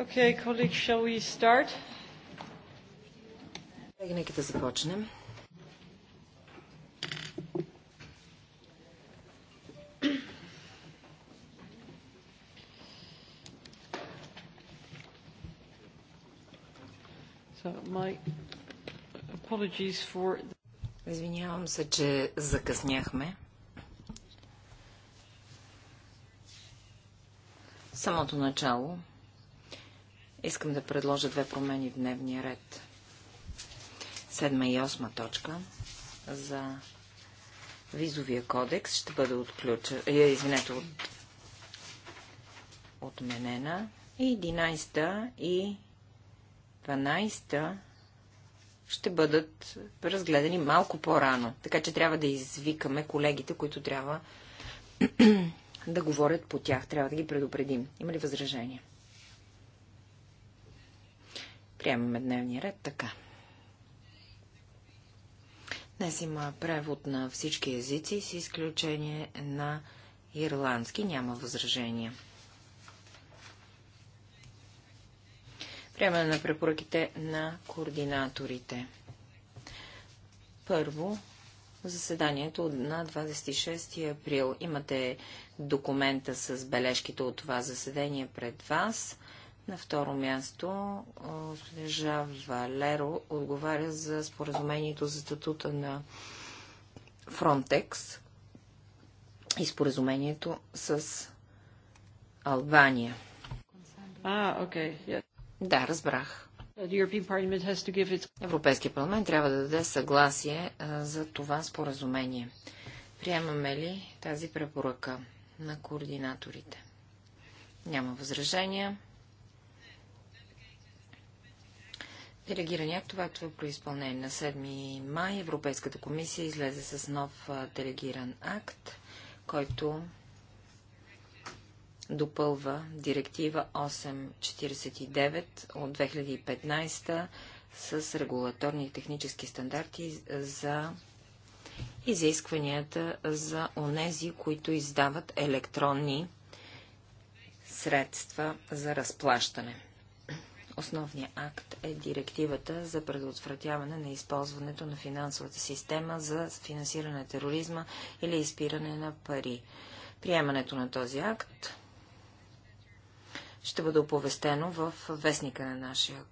Okay, colleagues, shall we start? Колеги, нека да започнем. Извинявам се, че закъсняхме. Самото начало Искам да предложа две промени в дневния ред. Седма и осма точка за визовия кодекс ще бъде отключена. Е, извинете, от, отменена. И 11-та и 12-та ще бъдат разгледани малко по-рано. Така че трябва да извикаме колегите, които трябва да говорят по тях. Трябва да ги предупредим. Има ли възражения? Приемаме дневния ред така. Днес има превод на всички езици, с изключение на ирландски. Няма възражения. Приемане на препоръките на координаторите. Първо, заседанието на 26 април. Имате документа с бележките от това заседание пред вас. На второ място, госпожа Валеро отговаря за споразумението за статута на Фронтекс и споразумението с Албания. А, окей. Да, разбрах. Европейския парламент трябва да даде съгласие за това споразумение. Приемаме ли тази препоръка на координаторите? Няма възражения. Делегирани актове, актове е про изпълнение на 7 май Европейската комисия излезе с нов делегиран акт, който допълва директива 849 от 2015 с регулаторни и технически стандарти за изискванията за онези, които издават електронни средства за разплащане. Основният акт е директивата за предотвратяване на използването на финансовата система за финансиране на тероризма или изпиране на пари. Приемането на този акт ще бъде оповестено в вестника на нашия,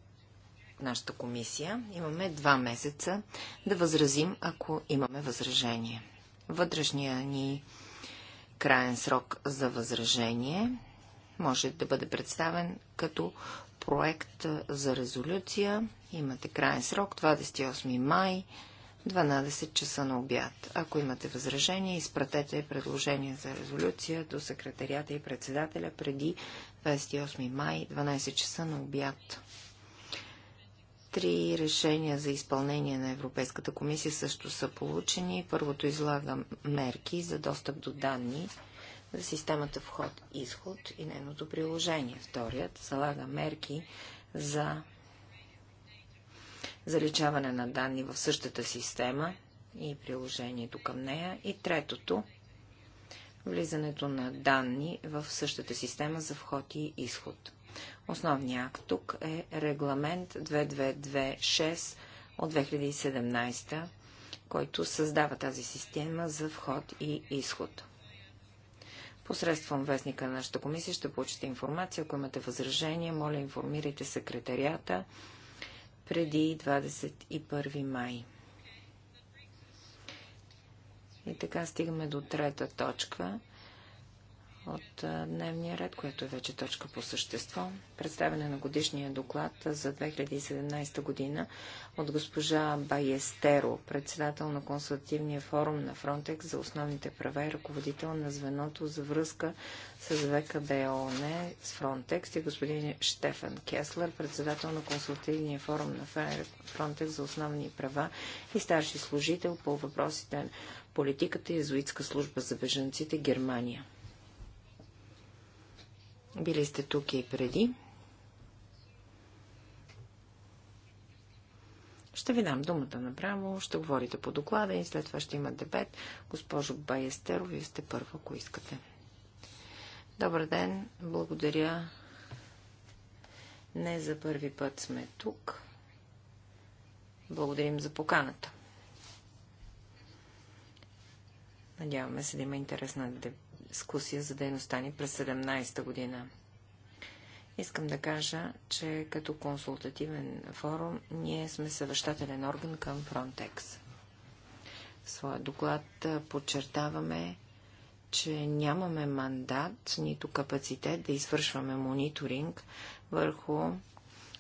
нашата комисия. Имаме два месеца да възразим, ако имаме възражение. Вътрешния ни краен срок за възражение може да бъде представен като проект за резолюция. Имате крайен срок 28 май 12 часа на обяд. Ако имате възражение, изпратете предложение за резолюция до секретарията и председателя преди 28 май 12 часа на обяд. Три решения за изпълнение на Европейската комисия също са получени. Първото излага мерки за достъп до данни за системата вход-изход и нейното приложение. Вторият залага мерки за заличаване на данни в същата система и приложението към нея. И третото влизането на данни в същата система за вход и изход. Основният акт тук е регламент 2226 от 2017, който създава тази система за вход и изход. Посредством вестника на нашата комисия ще получите информация. Ако имате възражение, моля информирайте секретарията преди 21 май. И така стигаме до трета точка от дневния ред, което е вече точка по същество. Представяне на годишния доклад за 2017 година от госпожа Байестеро, председател на консултативния форум на Фронтекс за основните права и ръководител на звеното за връзка с ВКБОН с Фронтекс и господин Штефан Кеслер, председател на консултативния форум на Фронтекс за основни права и старши служител по въпросите на политиката и езуитска служба за беженците Германия. Били сте тук и преди. Ще ви дам думата направо, ще говорите по доклада и след това ще има дебет. Госпожо Байестеро, вие сте първа, ако искате. Добър ден, благодаря. Не за първи път сме тук. Благодарим за поканата. Надяваме се да има интересна дебет дискусия за дейността ни през 17-та година. Искам да кажа, че като консултативен форум ние сме съвещателен орган към Frontex. В своя доклад подчертаваме, че нямаме мандат, нито капацитет да извършваме мониторинг върху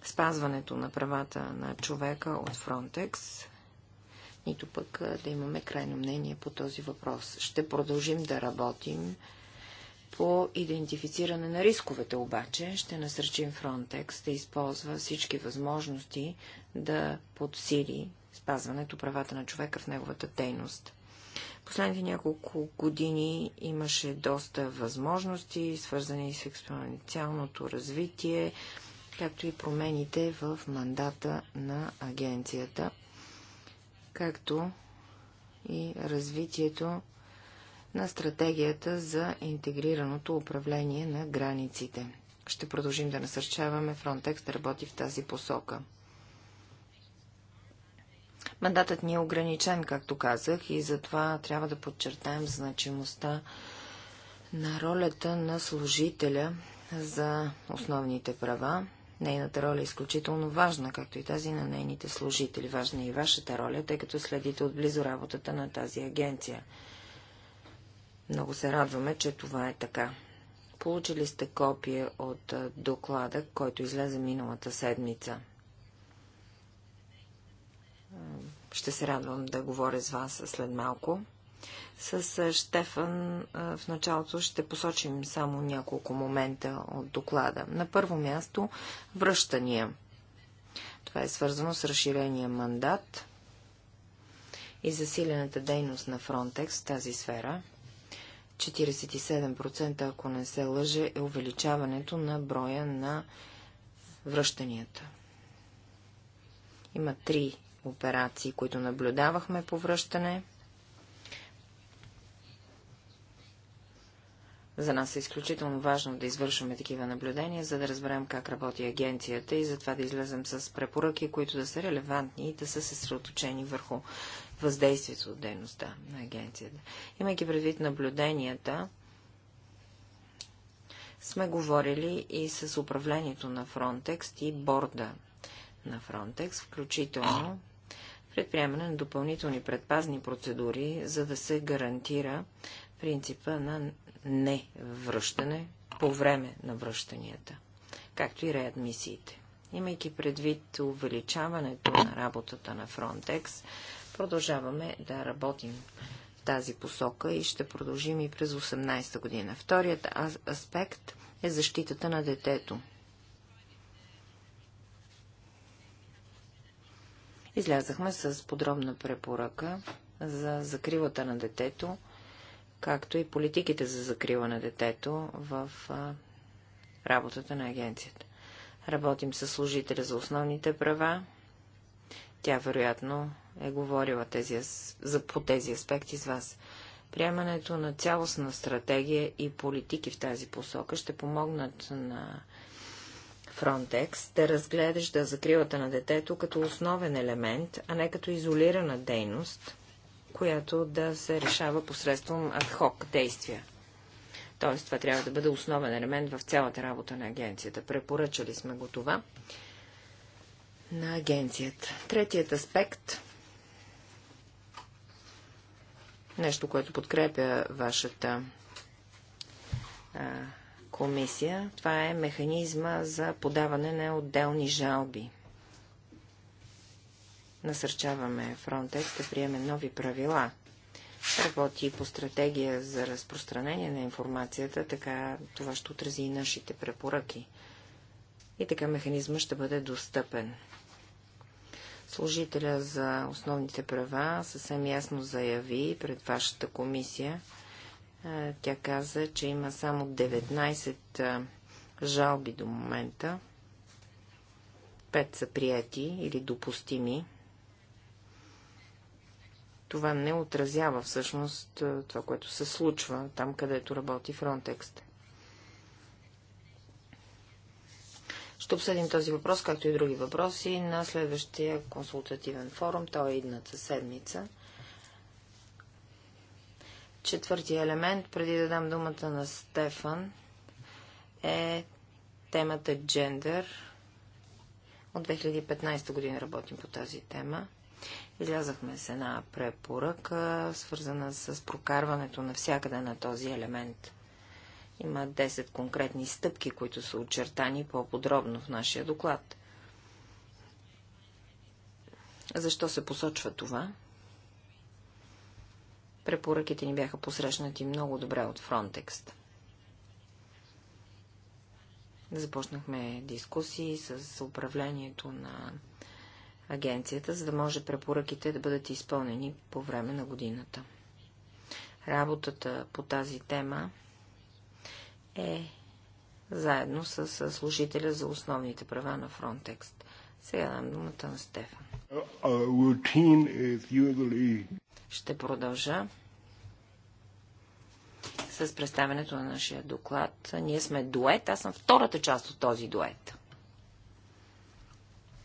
спазването на правата на човека от Frontex нито пък да имаме крайно мнение по този въпрос. Ще продължим да работим по идентифициране на рисковете обаче. Ще насърчим Frontex да използва всички възможности да подсили спазването правата на човека в неговата дейност. Последните няколко години имаше доста възможности, свързани с експоненциалното развитие, както и промените в мандата на агенцията както и развитието на стратегията за интегрираното управление на границите. Ще продължим да насърчаваме Frontex да работи в тази посока. Мандатът ни е ограничен, както казах, и затова трябва да подчертаем значимостта на ролята на служителя за основните права Нейната роля е изключително важна, както и тази на нейните служители. Важна е и вашата роля, тъй като следите отблизо работата на тази агенция. Много се радваме, че това е така. Получили сте копия от доклада, който излезе миналата седмица. Ще се радвам да говоря с вас след малко. С Штефан в началото ще посочим само няколко момента от доклада. На първо място връщания. Това е свързано с разширения мандат и засилената дейност на Frontex в тази сфера. 47%, ако не се лъже, е увеличаването на броя на връщанията. Има три операции, които наблюдавахме по връщане – За нас е изключително важно да извършваме такива наблюдения, за да разберем как работи агенцията и затова да излезем с препоръки, които да са релевантни и да са съсредоточени върху въздействието от дейността на агенцията. Имайки предвид наблюденията, сме говорили и с управлението на Frontex и борда на Frontex, включително предприемане на допълнителни предпазни процедури, за да се гарантира принципа на не връщане по време на връщанията, както и реадмисиите. Имайки предвид увеличаването на работата на Frontex, продължаваме да работим в тази посока и ще продължим и през 18-та година. Вторият аспект е защитата на детето. Излязахме с подробна препоръка за закривата на детето както и политиките за закрила на детето в а, работата на агенцията. Работим с служителя за основните права. Тя, вероятно, е говорила тези, за, по тези аспекти с вас. Приемането на цялостна стратегия и политики в тази посока ще помогнат на Frontex да разгледаш да закрилата на детето като основен елемент, а не като изолирана дейност – която да се решава посредством адхок действия. Тоест, това трябва да бъде основен елемент в цялата работа на агенцията. Препоръчали сме го това на агенцията. Третият аспект нещо, което подкрепя вашата а, комисия, това е механизма за подаване на отделни жалби. Насърчаваме Frontex да приеме нови правила. Работи по стратегия за разпространение на информацията, така това ще отрази и нашите препоръки. И така механизма ще бъде достъпен. Служителя за основните права съвсем ясно заяви пред вашата комисия. Е, тя каза, че има само 19 е, жалби до момента. Пет са прияти или допустими това не отразява всъщност е, това, което се случва там, където работи Фронтекст. Ще обсъдим този въпрос, както и други въпроси, на следващия консултативен форум. Той е идната седмица. Четвъртия елемент, преди да дам думата на Стефан, е темата джендър. От 2015 година работим по тази тема. Излязахме с една препоръка, свързана с прокарването навсякъде на този елемент. Има 10 конкретни стъпки, които са очертани по-подробно в нашия доклад. Защо се посочва това? Препоръките ни бяха посрещнати много добре от Фронтекст. Започнахме дискусии с управлението на агенцията, за да може препоръките да бъдат изпълнени по време на годината. Работата по тази тема е заедно с служителя за основните права на Фронтекст. Сега дам думата на Стефан. Ще продължа с представенето на нашия доклад. Ние сме дует. Аз съм втората част от този дует.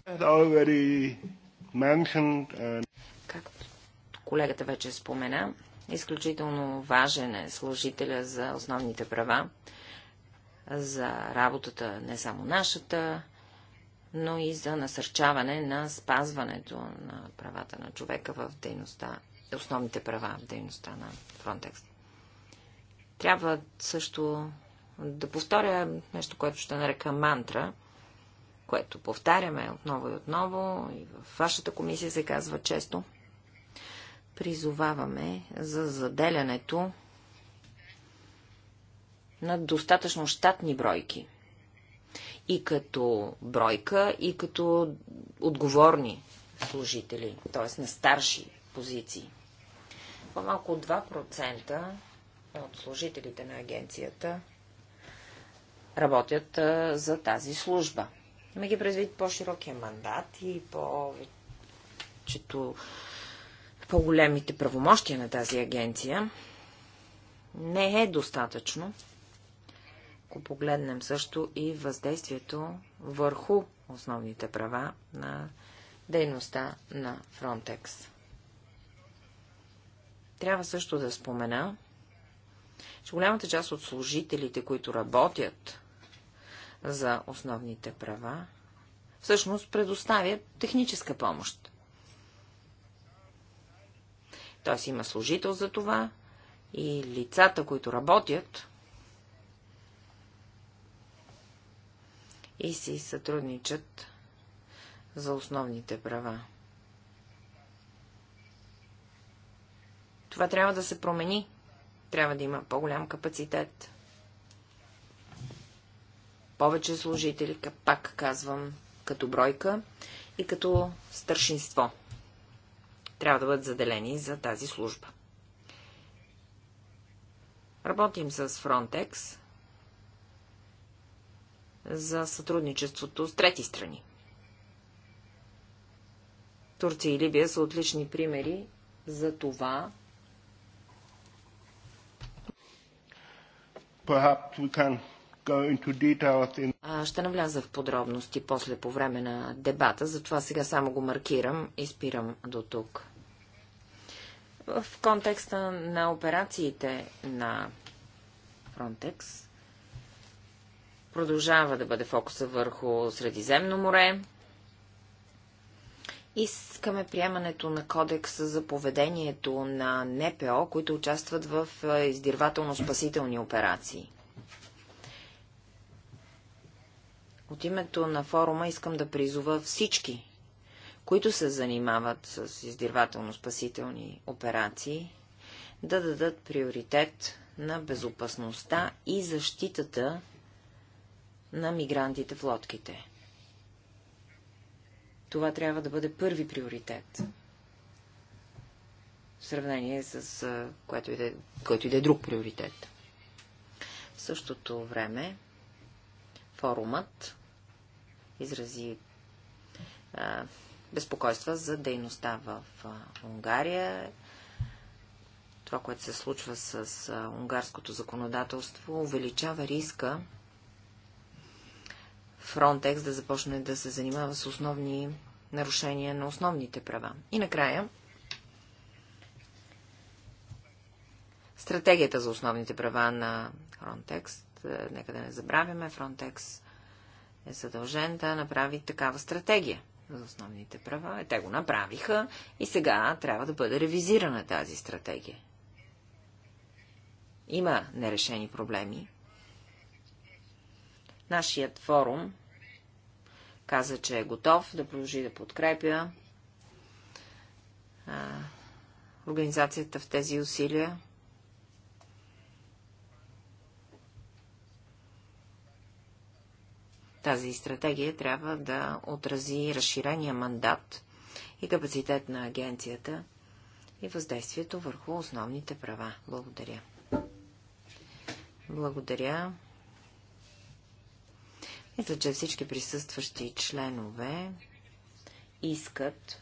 Uh, Както колегата вече спомена, изключително важен е служителя за основните права, за работата не само нашата, но и за насърчаване на спазването на правата на човека в дейността, основните права в дейността на Frontex. Трябва също да повторя нещо, което ще нарека мантра – което повтаряме отново и отново, и в вашата комисия се казва често, призоваваме за заделянето на достатъчно щатни бройки. И като бройка, и като отговорни служители, т.е. на старши позиции. По-малко от 2% от служителите на агенцията работят за тази служба ги предвид по-широкия мандат и повечето по-големите правомощия на тази агенция, не е достатъчно, ако погледнем също и въздействието върху основните права на дейността на Frontex. Трябва също да спомена, че голямата част от служителите, които работят за основните права, всъщност предоставя техническа помощ. Т.е. има служител за това и лицата, които работят и си сътрудничат за основните права. Това трябва да се промени. Трябва да има по-голям капацитет повече служители, пак казвам, като бройка и като старшинство. Трябва да бъдат заделени за тази служба. Работим с Frontex за сътрудничеството с трети страни. Турция и Либия са отлични примери за това. Perhaps we can ще навляза в подробности после по време на дебата, затова сега само го маркирам и спирам до тук. В контекста на операциите на Frontex продължава да бъде фокуса върху Средиземно море. Искаме приемането на кодекс за поведението на НПО, които участват в издирвателно-спасителни операции. От името на форума искам да призова всички, които се занимават с издирвателно-спасителни операции, да дадат приоритет на безопасността и защитата на мигрантите в лодките. Това трябва да бъде първи приоритет. В сравнение с което и да, който и да е друг приоритет. В същото време форумът изрази а, безпокойства за дейността в а, Унгария. Това, което се случва с а, унгарското законодателство, увеличава риска Фронтекс да започне да се занимава с основни нарушения на основните права. И накрая, стратегията за основните права на Frontex. Е, нека да не забравяме, Frontex е задължен да направи такава стратегия за основните права. те го направиха и сега трябва да бъде ревизирана тази стратегия. Има нерешени проблеми. Нашият форум каза, че е готов да продължи да подкрепя а, организацията в тези усилия. Тази стратегия трябва да отрази разширения мандат и капацитет на агенцията и въздействието върху основните права. Благодаря. Благодаря. Мисля, че всички присъстващи членове искат.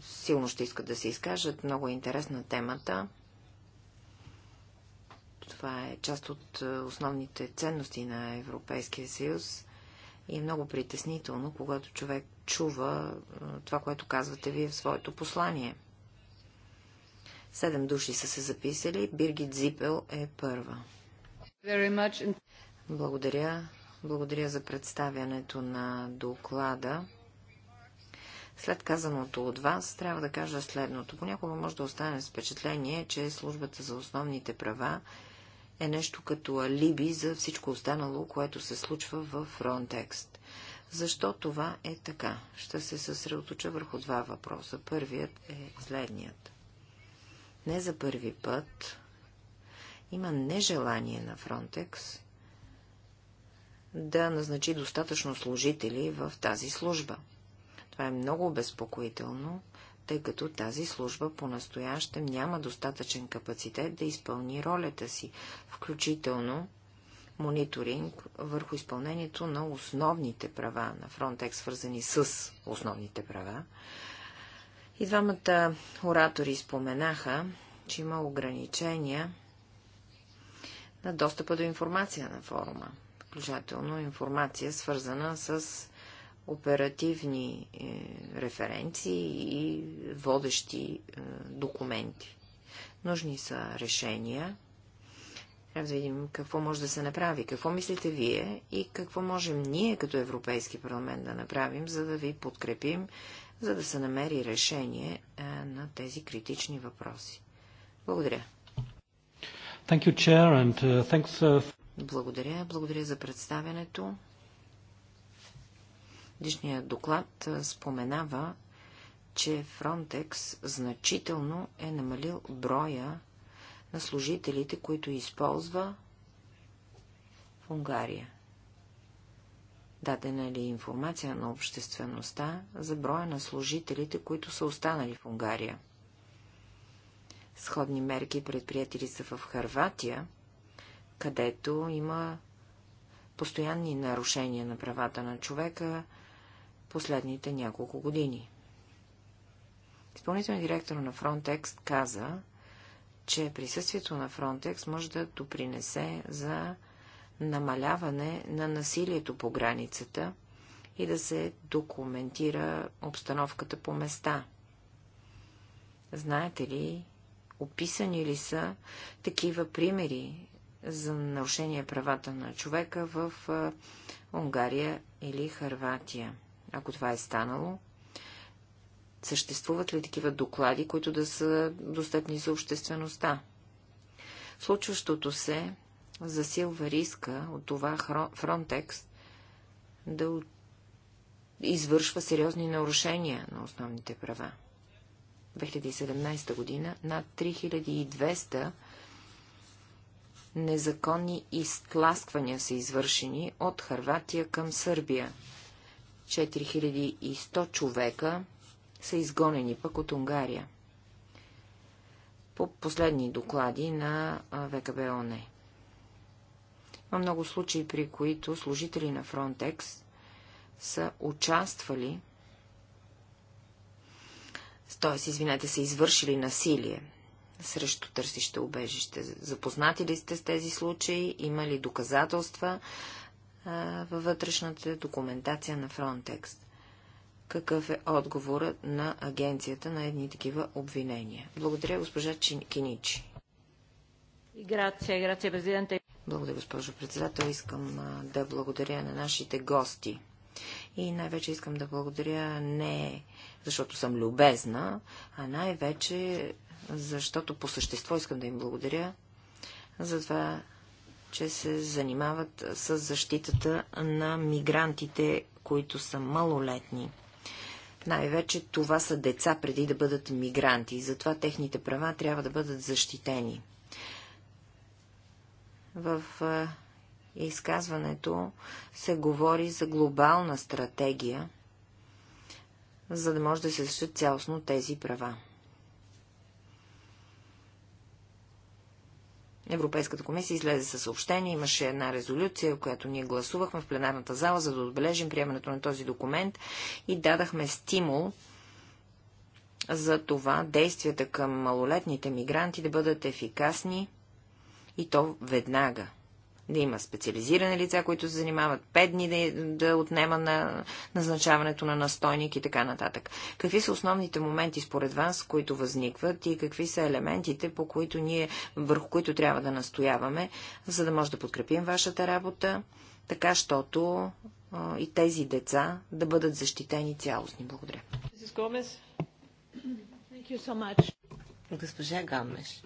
силно ще искат да се изкажат. Много е интересна темата. Това е част от е, основните ценности на Европейския съюз и е много притеснително, когато човек чува е, това, което казвате вие в своето послание. Седем души са се записали. Биргит Зипел е първа. Благодаря. Благодаря за представянето на доклада. След казаното от вас, трябва да кажа следното. Понякога може да остане с впечатление, че службата за основните права е нещо като алиби за всичко останало, което се случва в фронтекст. Защо това е така? Ще се съсредоточа върху два въпроса. Първият е следният. Не за първи път има нежелание на Фронтекс да назначи достатъчно служители в тази служба. Това е много обезпокоително, тъй като тази служба по-настоящем няма достатъчен капацитет да изпълни ролята си, включително мониторинг върху изпълнението на основните права на Frontex, свързани с основните права. И двамата оратори споменаха, че има ограничения на достъпа до информация на форума, включително информация свързана с оперативни е, референции и водещи е, документи. Нужни са решения. Трябва да видим какво може да се направи. Какво мислите вие и какво можем ние като Европейски парламент да направим, за да ви подкрепим, за да се намери решение е, на тези критични въпроси. Благодаря. Thank you, chair, and, uh, thanks, uh... Благодаря. Благодаря за представянето годишния доклад споменава, че Фронтекс значително е намалил броя на служителите, които използва в Унгария. Дадена ли е информация на обществеността за броя на служителите, които са останали в Унгария? Сходни мерки предприятели са в Харватия, където има постоянни нарушения на правата на човека, последните няколко години. Изпълнителният директор на Frontex каза, че присъствието на Frontex може да допринесе за намаляване на насилието по границата и да се документира обстановката по места. Знаете ли, описани ли са такива примери за нарушение правата на човека в Унгария или Харватия? ако това е станало. Съществуват ли такива доклади, които да са достъпни за обществеността? Случващото се засилва риска от това Фронтекс да извършва сериозни нарушения на основните права. 2017 година над 3200 незаконни изтласквания са извършени от Харватия към Сърбия 4100 човека са изгонени пък от Унгария. По последни доклади на ВКБ ОНЕ. Има много случаи, при които служители на Фронтекс са участвали, т.е. извинете, са извършили насилие срещу търсище убежище. Запознати ли сте с тези случаи? Има ли доказателства? във вътрешната документация на Frontex. Какъв е отговорът на агенцията на едни такива обвинения? Благодаря, госпожа Киничи. Благодаря, госпожо председател. Искам да благодаря на нашите гости. И най-вече искам да благодаря не защото съм любезна, а най-вече защото по същество искам да им благодаря за това, че се занимават с защитата на мигрантите, които са малолетни. Най-вече това са деца преди да бъдат мигранти затова техните права трябва да бъдат защитени. В изказването се говори за глобална стратегия, за да може да се защитят цялостно тези права. Европейската комисия излезе със съобщение, имаше една резолюция, която ние гласувахме в пленарната зала, за да отбележим приемането на този документ и дадахме стимул за това действията към малолетните мигранти да бъдат ефикасни и то веднага да има специализирани лица, които се занимават 5 дни да, да отнема на назначаването на настойник и така нататък. Какви са основните моменти според вас, които възникват и какви са елементите, по които ние, върху които трябва да настояваме, за да може да подкрепим вашата работа, така, щото а, и тези деца да бъдат защитени цялостни. Благодаря. Госпожа Гамеш,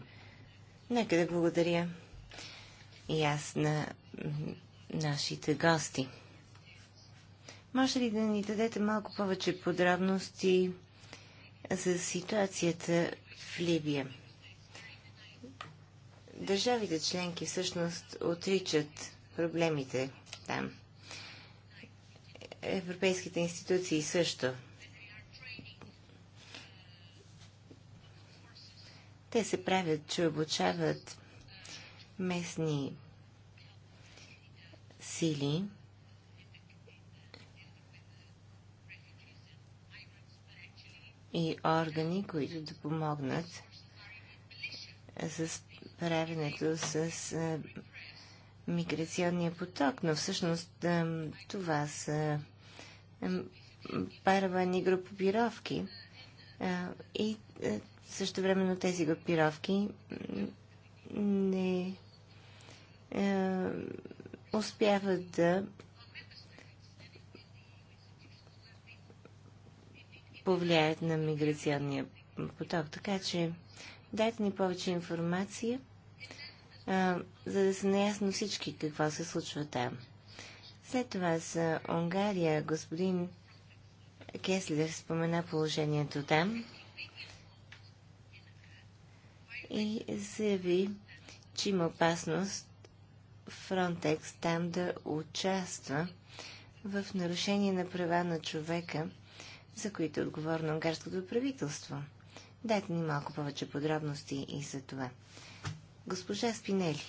нека да благодаря и аз на нашите гости. Може ли да ни дадете малко повече подробности за ситуацията в Либия? Държавите членки всъщност отричат проблемите там. Европейските институции също. Те се правят, че обучават местни сили и органи, които да помогнат за справянето с миграционния поток, но всъщност това са паравани групировки и също времено тези групировки не успяват да повлияят на миграционния поток. Така че дайте ни повече информация, а, за да са наясно всички какво се случва там. След това за Унгария господин Кеслер спомена положението там и заяви, че има опасност Frontex там да участва в нарушение на права на човека, за които е отговорно унгарското правителство. Дайте ни малко повече подробности и за това. Госпожа Спинели.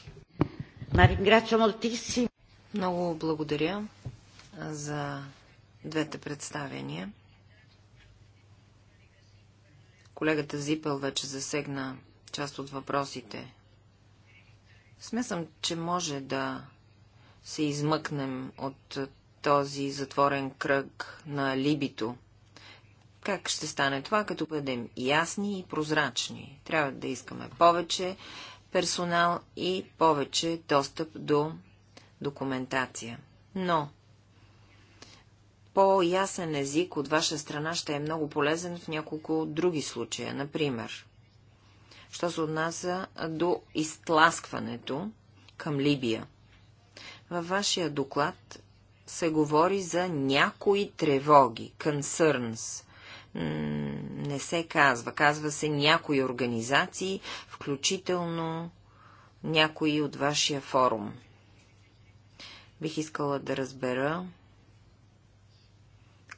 Марин ти си. Много благодаря за двете представения. Колегата Зипел вече засегна част от въпросите, Смесвам, че може да се измъкнем от този затворен кръг на либито. Как ще стане това, като бъдем ясни и прозрачни? Трябва да искаме повече персонал и повече достъп до документация. Но по-ясен език от ваша страна ще е много полезен в няколко други случая. Например, що се отнася до изтласкването към Либия. Във вашия доклад се говори за някои тревоги, concerns. Не се казва. Казва се някои организации, включително някои от вашия форум. Бих искала да разбера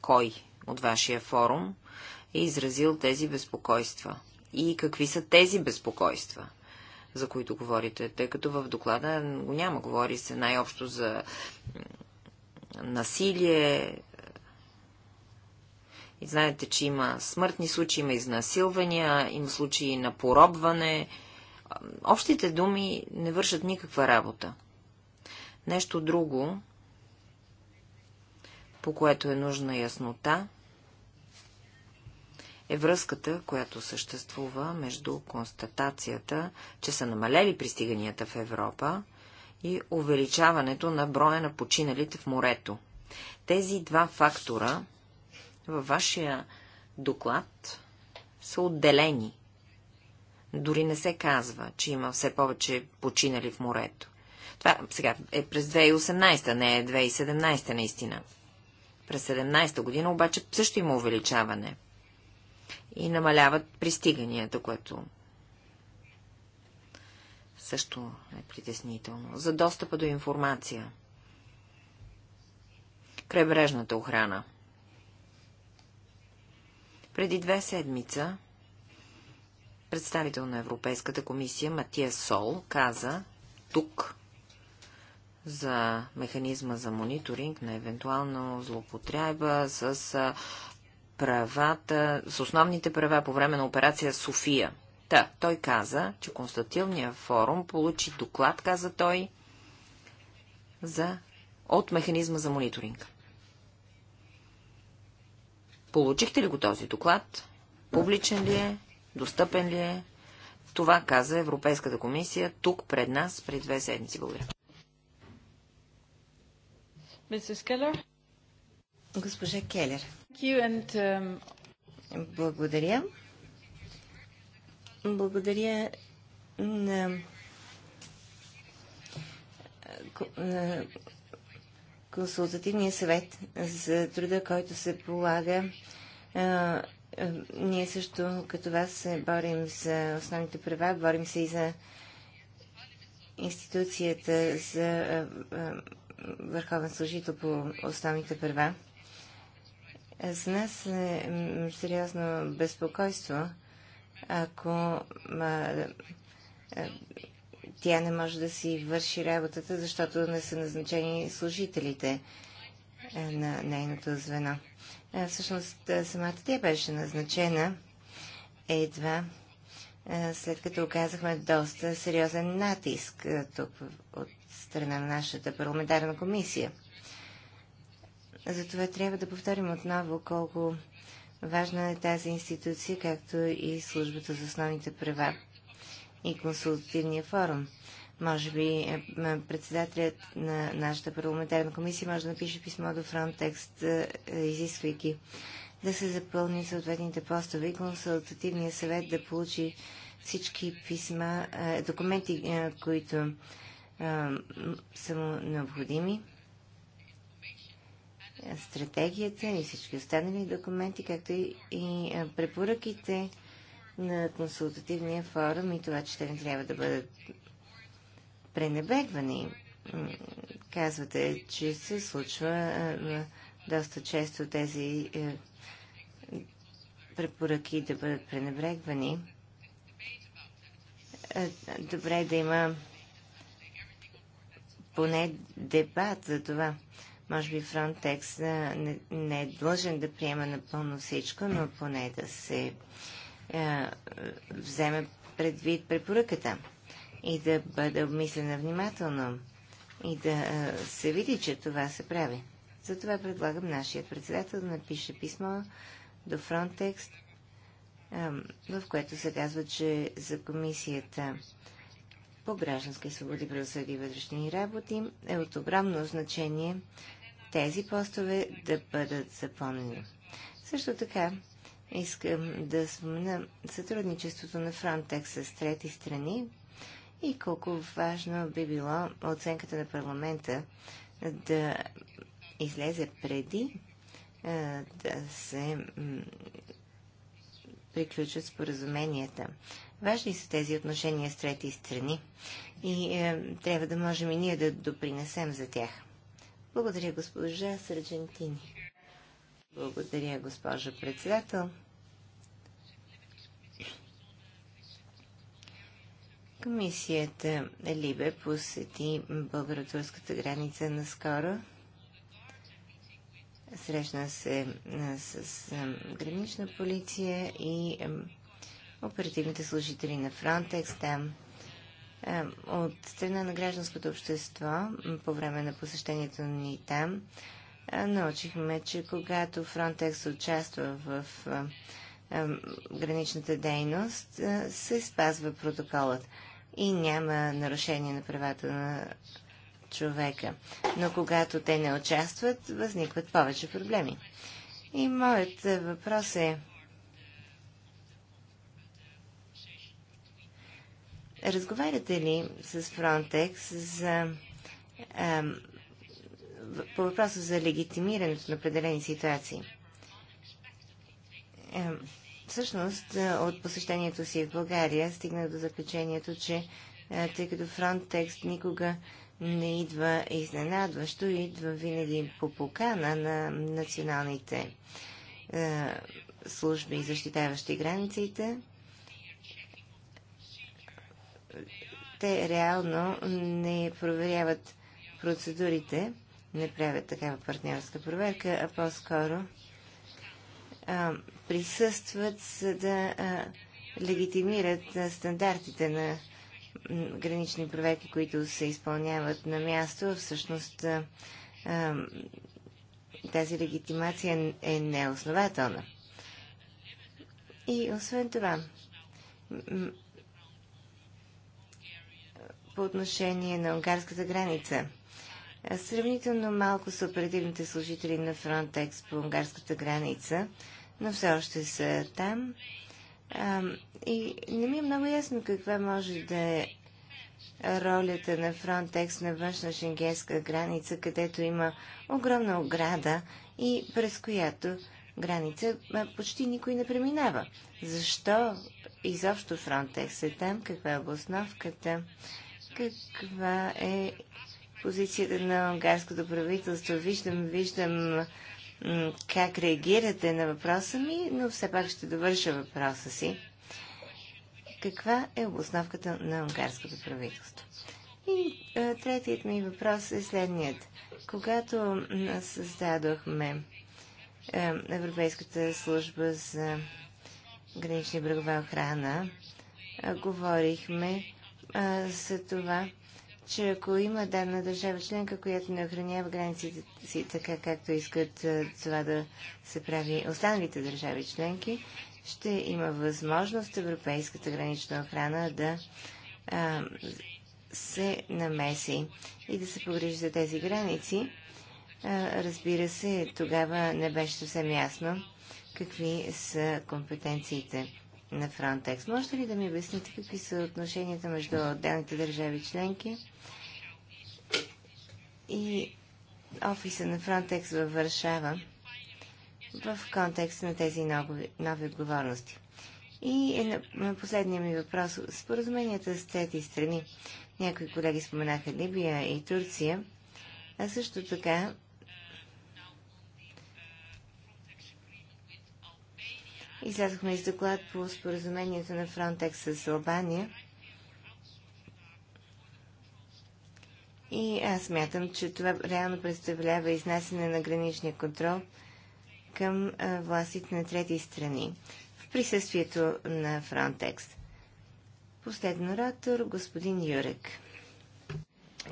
кой от вашия форум е изразил тези безпокойства и какви са тези безпокойства, за които говорите, тъй като в доклада го няма. Говори се най-общо за насилие, и знаете, че има смъртни случаи, има изнасилвания, има случаи на поробване. Общите думи не вършат никаква работа. Нещо друго, по което е нужна яснота, е връзката, която съществува между констатацията, че са намалели пристиганията в Европа и увеличаването на броя на починалите в морето. Тези два фактора във вашия доклад са отделени. Дори не се казва, че има все повече починали в морето. Това сега е през 2018, не е 2017 наистина. През 2017 година обаче също има увеличаване и намаляват пристиганията, което също е притеснително. За достъпа до информация. Крайбрежната охрана. Преди две седмица представител на Европейската комисия Матия Сол каза тук за механизма за мониторинг на евентуално злоупотреба с правата, с основните права по време на операция София. Та, той каза, че Констативния форум получи доклад, каза той, за, от механизма за мониторинг. Получихте ли го този доклад? Публичен ли е? Достъпен ли е? Това каза Европейската комисия тук пред нас при две седмици. Благодаря. Госпожа Келер. Um, Благодаря. Благодаря на, на консултативния съвет за труда, който се полага. Ние също като вас се борим за основните права, борим се и за институцията за върховен служител по основните права. С нас е сериозно безпокойство, ако ма, е, тя не може да си върши работата, защото не са назначени служителите е, на нейното звено. Е, всъщност, самата тя беше назначена едва след като оказахме доста сериозен натиск тук от страна на нашата парламентарна комисия. Затова трябва да повторим отново колко важна е тази институция, както и службата за основните права и консултативния форум. Може би е, председателят на нашата парламентарна комисия може да напише писмо до Frontex, е, изисквайки да се запълни съответните постове и консултативния съвет да получи всички писма, е, документи, които са му необходими стратегията и всички останали документи, както и препоръките на консултативния форум и това, че те не трябва да бъдат пренебрегвани. Казвате, че се случва доста често тези е, препоръки да бъдат пренебрегвани. Добре е да има поне дебат за това. Може би Frontex не, не е длъжен да приема напълно всичко, но поне да се е, вземе предвид препоръката и да бъде обмислена внимателно и да е, се види, че това се прави. Затова предлагам нашия председател да напише писмо до Frontex, в което се казва, че за комисията по гражданска свободи, правосъди и вътрешни работи е от огромно значение тези постове да бъдат запомнени. Също така, искам да спомена сътрудничеството на Frontex с трети страни и колко важно би било оценката на парламента да излезе преди да се приключат споразуменията. Важни са тези отношения с трети страни и е, трябва да можем и ние да допринесем за тях. Благодаря, госпожа Сърджентини. Благодаря, госпожа председател. Комисията Либе посети българо-турската граница наскоро. Срещна се с гранична полиция и оперативните служители на Фронтекс там е, от страна на гражданското общество по време на посещението ни там е, научихме, че когато Frontex участва в е, граничната дейност, се спазва протоколът и няма нарушение на правата на човека. Но когато те не участват, възникват повече проблеми. И моят въпрос е, Разговаряте ли с Frontex за, по въпроса за легитимирането на определени ситуации? всъщност, от посещението си в България стигнах до заключението, че тъй като Frontex никога не идва изненадващо, идва винаги по покана на националните е, служби, защитаващи границите те реално не проверяват процедурите, не правят такава партньорска проверка, а по-скоро присъстват, за да а, легитимират а, стандартите на гранични проверки, които се изпълняват на място. Всъщност а, тази легитимация е неоснователна. И освен това, по отношение на унгарската граница. Е, сравнително малко са оперативните служители на Frontex по унгарската граница, но все още са там. А, и не ми е много ясно каква може да е ролята на Frontex на външна шенгенска граница, където има огромна ограда и през която граница почти никой не преминава. Защо изобщо Frontex е там? Каква е обосновката? Каква е позицията на унгарското правителство? Виждам, виждам как реагирате на въпроса ми, но все пак ще довърша въпроса си. Каква е обосновката на унгарското правителство? И а, третият ми въпрос е следният. Когато създадохме а, Европейската служба за гранична брегова охрана, а, говорихме за това, че ако има дадена държава членка, която не охранява границите си така, както искат това да се прави останалите държави членки, ще има възможност Европейската гранична охрана да а, се намеси и да се погрижи за тези граници. А, разбира се, тогава не беше съвсем ясно какви са компетенциите на Frontex. Можете ли да ми обясните какви са отношенията между отделните държави членки и офиса на Frontex във Варшава в контекст на тези нови, нови отговорности? И е на последния ми въпрос. Споразуменията с трети страни. Някои колеги споменаха Либия и Турция, а също така Излязохме из доклад по споразумението на Фронтекс с Албания. И аз мятам, че това реално представлява изнасяне на граничния контрол към властите на трети страни в присъствието на Фронтекс. Последно ратор господин Юрек.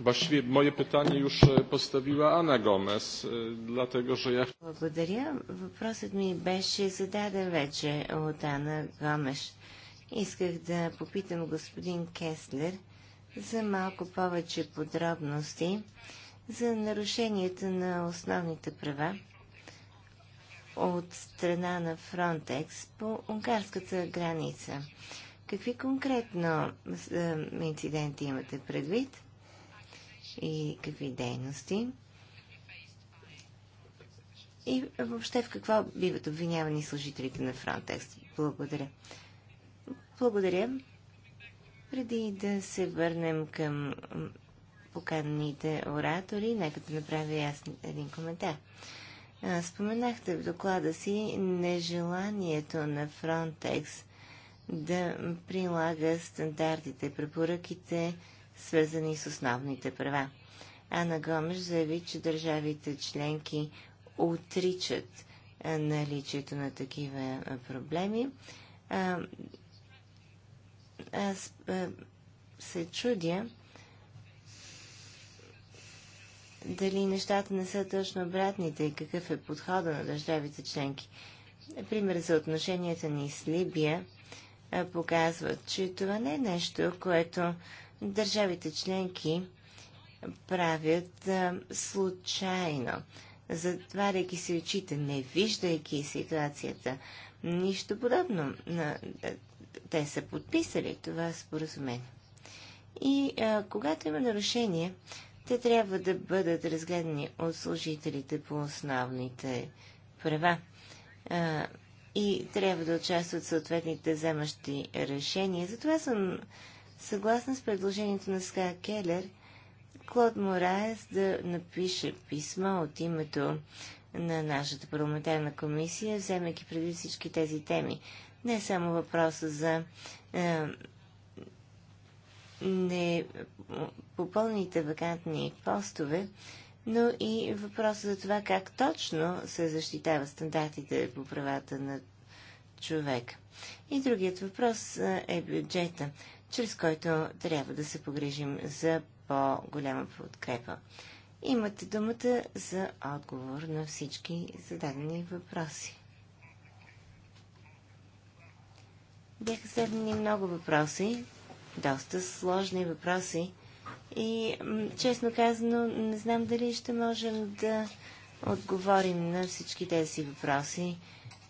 Właściwie moje pytanie już e, postawiła Ana Gomez, e, dlatego że ja... Благодаря. Въпросът ми беше зададен вече от Ана Гомеш. Исках да попитам господин Кеслер за малко повече подробности за нарушенията на основните права от страна на Фронтекс по унгарската граница. Какви конкретно е, инциденти имате предвид? и какви дейности. И въобще в какво биват обвинявани служителите на Frontex? Благодаря. Благодаря. Преди да се върнем към поканените оратори, нека да направя ясен един коментар. Споменахте в доклада си нежеланието на Frontex да прилага стандартите, препоръките, свързани с основните права. Ана Гомеш заяви, че държавите членки отричат наличието на такива проблеми. А, аз а, се чудя дали нещата не са точно обратните и какъв е подхода на държавите членки. Пример за отношенията ни с Либия показват, че това не е нещо, което държавите членки правят а, случайно, затваряйки си очите, не виждайки ситуацията. Нищо подобно. На, те са подписали това споразумение. И а, когато има нарушение, те трябва да бъдат разгледани от служителите по основните права. А, и трябва да участват съответните вземащи решения. Затова съм Съгласно с предложението на Ска Келер, Клод Мораес да напише писмо от името на нашата парламентарна комисия, вземайки преди всички тези теми. Не само въпроса за е, не попълните вакантни постове, но и въпроса за това как точно се защитава стандартите по правата на човека. И другият въпрос е, е бюджета чрез който трябва да се погрежим за по-голяма подкрепа. Имате думата за отговор на всички зададени въпроси. Бяха зададени много въпроси, доста сложни въпроси и честно казано не знам дали ще можем да отговорим на всички тези въпроси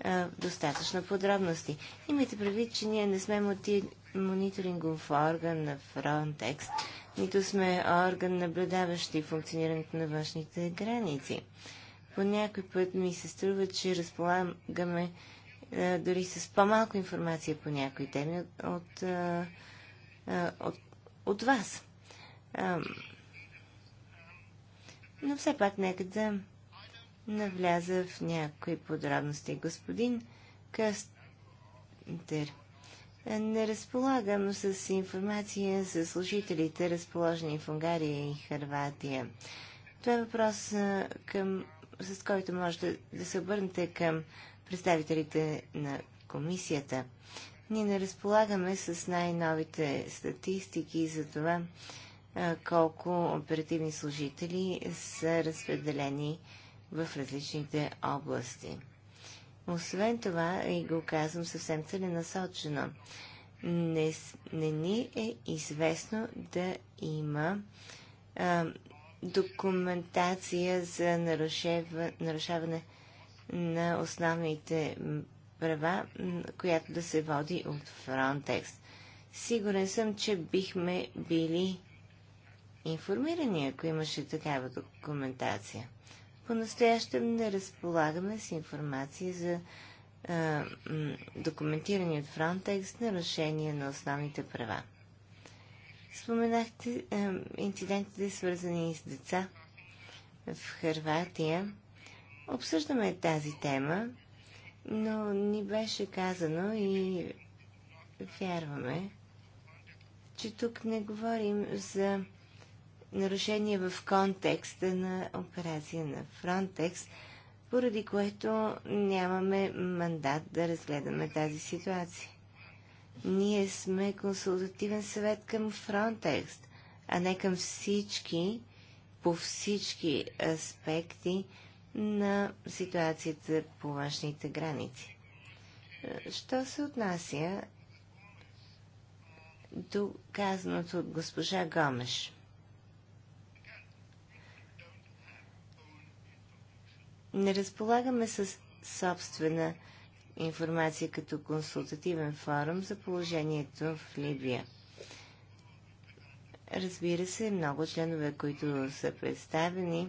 а, достатъчно подробности. Имайте предвид, че ние не сме мониторингов орган на Frontex, нито сме орган наблюдаващи функционирането на външните граници. По някой път ми се струва, че разполагаме а, дори с по-малко информация по някои теми от, от, а, от, от вас. А, но все пак нека да навляза в някои подробности. Господин Кастер, не разполагам с информация за служителите, разположени в Унгария и Харватия. Това е въпрос, към, с който можете да се обърнете към представителите на комисията. Ние не разполагаме с най-новите статистики за това колко оперативни служители са разпределени в различните области. Освен това, и го казвам съвсем целенасочено, не, не ни е известно да има а, документация за нарушаване на основните права, която да се води от Frontex. Сигурен съм, че бихме били информирани, ако имаше такава документация. По-настоящем не разполагаме с информация за а, документирани от Frontex нарушения на основните права. Споменахте а, инцидентите, свързани с деца в Харватия. Обсъждаме тази тема, но ни беше казано и вярваме, че тук не говорим за нарушение в контекста на операция на Frontex, поради което нямаме мандат да разгледаме тази ситуация. Ние сме консултативен съвет към Frontex, а не към всички, по всички аспекти на ситуацията по външните граници. Що се отнася до казаното от госпожа Гомеш – Не разполагаме с собствена информация като консултативен форум за положението в Либия. Разбира се, много членове, които са представени,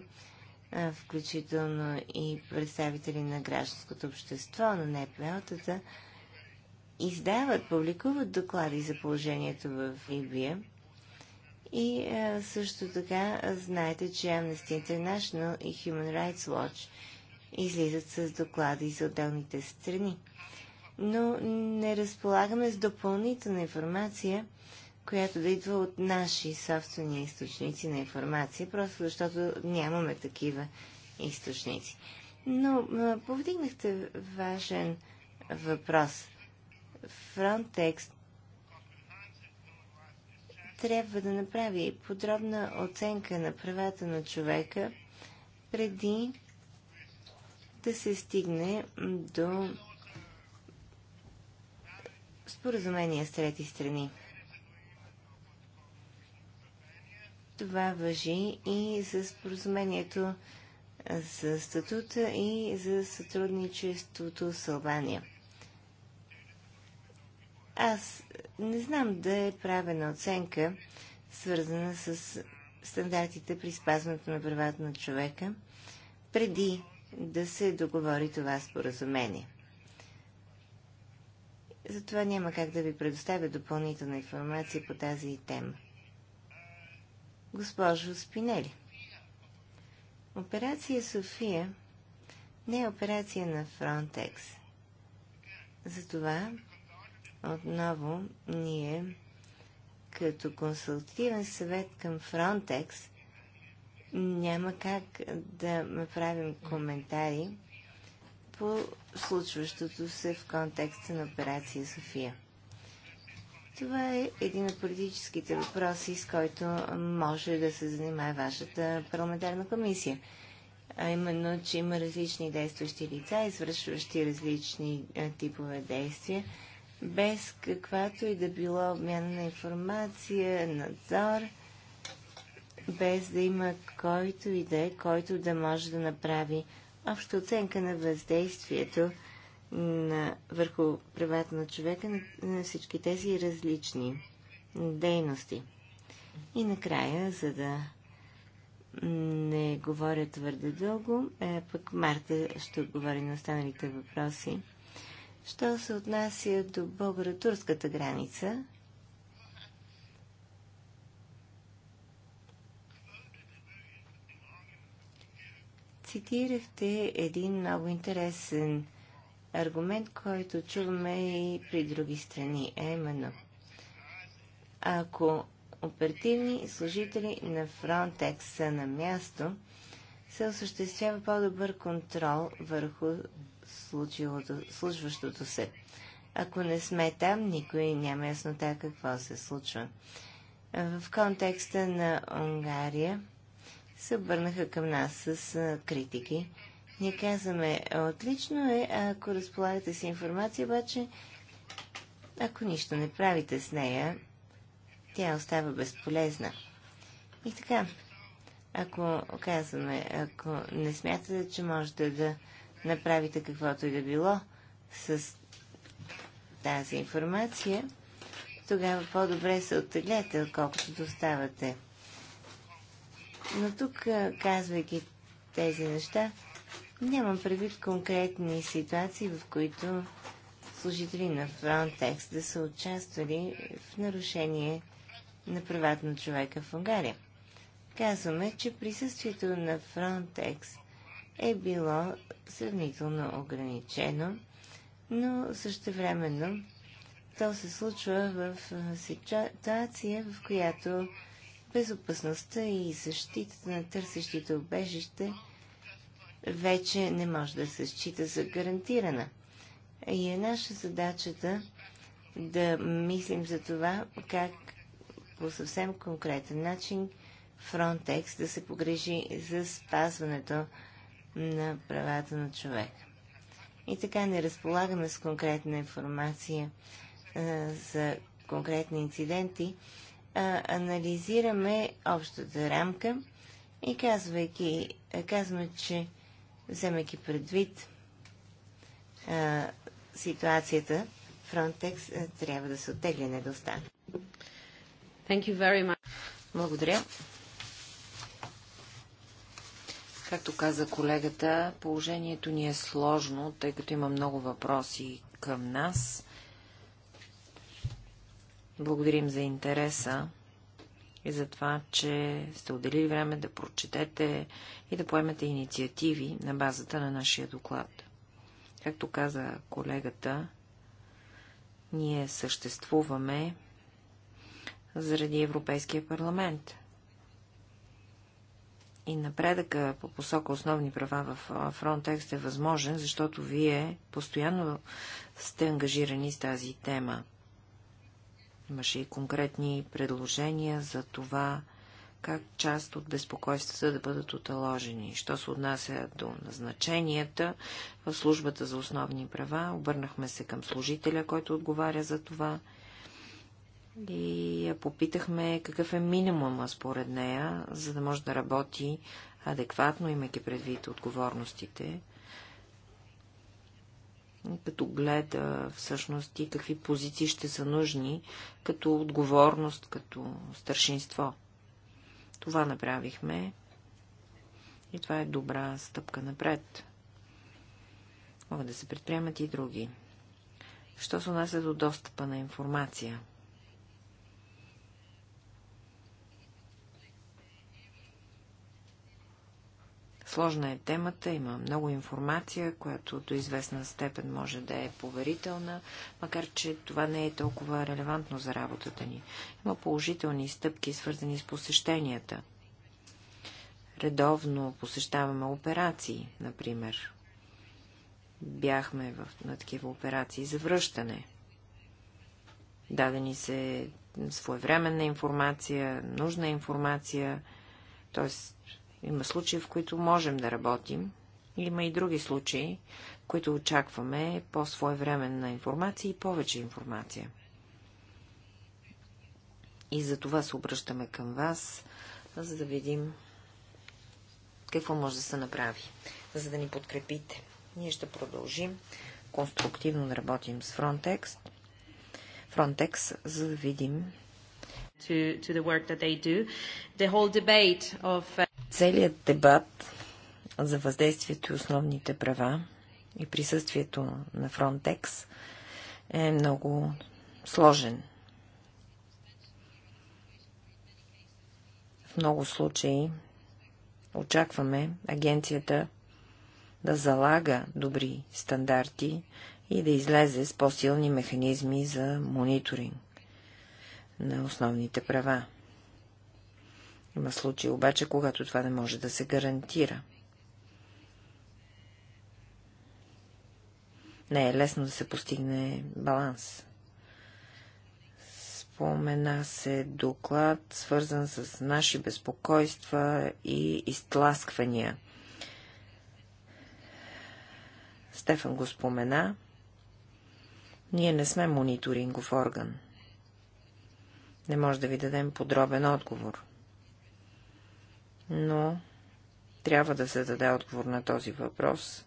включително и представители на гражданското общество, на НПО-тата, издават, публикуват доклади за положението в Либия. И също така знаете, че Amnesty International и Human Rights Watch – излизат с доклади за отделните страни. Но не разполагаме с допълнителна информация, която да идва от наши собствени източници на информация, просто защото нямаме такива източници. Но повдигнахте важен въпрос. Frontex трябва да направи подробна оценка на правата на човека преди да се стигне до споразумения с трети страни. Това въжи и за споразумението за статута и за сътрудничеството с Албания. Аз не знам да е правена оценка, свързана с стандартите при спазването на правата на човека, преди да се договори това споразумение. Затова няма как да ви предоставя допълнителна информация по тази тема. Госпожо Спинели, операция София не е операция на Фронтекс. Затова отново ние като консултативен съвет към Фронтекс – няма как да правим коментари по случващото се в контекста на операция София. Това е един от политическите въпроси, с който може да се занимае вашата парламентарна комисия. А именно, че има различни действащи лица, извършващи различни е, типове действия, без каквато и да било обмяна на информация, надзор – без да има който и да е, който да може да направи обща оценка на въздействието на, върху правата на човека на, на всички тези различни дейности. И накрая, за да не говоря твърде дълго, е, пък Марта ще отговори на останалите въпроси. Що се отнася до българо-турската граница, цитирахте един много интересен аргумент, който чуваме и при други страни, е именно ако оперативни служители на Frontex са на място, се осъществява по-добър контрол върху случващото се. Ако не сме там, никой няма яснота какво се случва. В контекста на Унгария, се обърнаха към нас с критики. Ние казваме, отлично е, ако разполагате с информация, обаче, ако нищо не правите с нея, тя остава безполезна. И така, ако казваме, ако не смятате, че можете да направите каквото и да било с тази информация, тогава по-добре се оттеглете, отколкото доставате но тук, казвайки тези неща, нямам предвид конкретни ситуации, в които служители на Frontex да са участвали в нарушение на правата на човека в Унгария. Казваме, че присъствието на Frontex е било сравнително ограничено, но същевременно то се случва в ситуация, в която безопасността и защитата на търсещите обежище вече не може да се счита за гарантирана. И е наша задачата да мислим за това как по съвсем конкретен начин Frontex да се погрежи за спазването на правата на човека. И така не разполагаме с конкретна информация а, за конкретни инциденти, а, анализираме общата рамка и казвайки, казваме, че вземайки предвид а, ситуацията, Фронтекс трябва да се оттегли, недоста. Thank you very much. Благодаря. Както каза колегата, положението ни е сложно, тъй като има много въпроси към нас. Благодарим за интереса и за това, че сте отделили време да прочетете и да поемете инициативи на базата на нашия доклад. Както каза колегата, ние съществуваме заради Европейския парламент. И напредъка по посока основни права в Frontex е възможен, защото вие постоянно сте ангажирани с тази тема. Имаше и конкретни предложения за това, как част от безпокойствата да бъдат оталожени. Що се отнася до назначенията в службата за основни права, обърнахме се към служителя, който отговаря за това и я попитахме какъв е минимума според нея, за да може да работи адекватно, имайки предвид отговорностите като гледа всъщност и какви позиции ще са нужни, като отговорност, като старшинство. Това направихме и това е добра стъпка напред. Могат да се предприемат и други. Що се отнася до достъпа на информация – Сложна е темата, има много информация, която до известна степен може да е поверителна, макар че това не е толкова релевантно за работата ни. Има положителни стъпки, свързани с посещенията. Редовно посещаваме операции, например. Бяхме в, на такива операции за връщане. Дадени се своевременна информация, нужна информация, т.е. Има случаи, в които можем да работим. Има и други случаи, в които очакваме по-своевременна информация и повече информация. И за това се обръщаме към вас, за да видим какво може да се направи, за да ни подкрепите. Ние ще продължим конструктивно да работим с Frontex, Frontex за да видим to, to the work that they do. The whole debate of uh, Целият дебат за въздействието и основните права и присъствието на Фронтекс е много сложен. В много случаи очакваме агенцията да залага добри стандарти и да излезе с по-силни механизми за мониторинг на основните права. Има случаи обаче, когато това не може да се гарантира. Не е лесно да се постигне баланс. Спомена се доклад, свързан с наши безпокойства и изтласквания. Стефан го спомена. Ние не сме мониторингов орган. Не може да ви дадем подробен отговор но трябва да се даде отговор на този въпрос.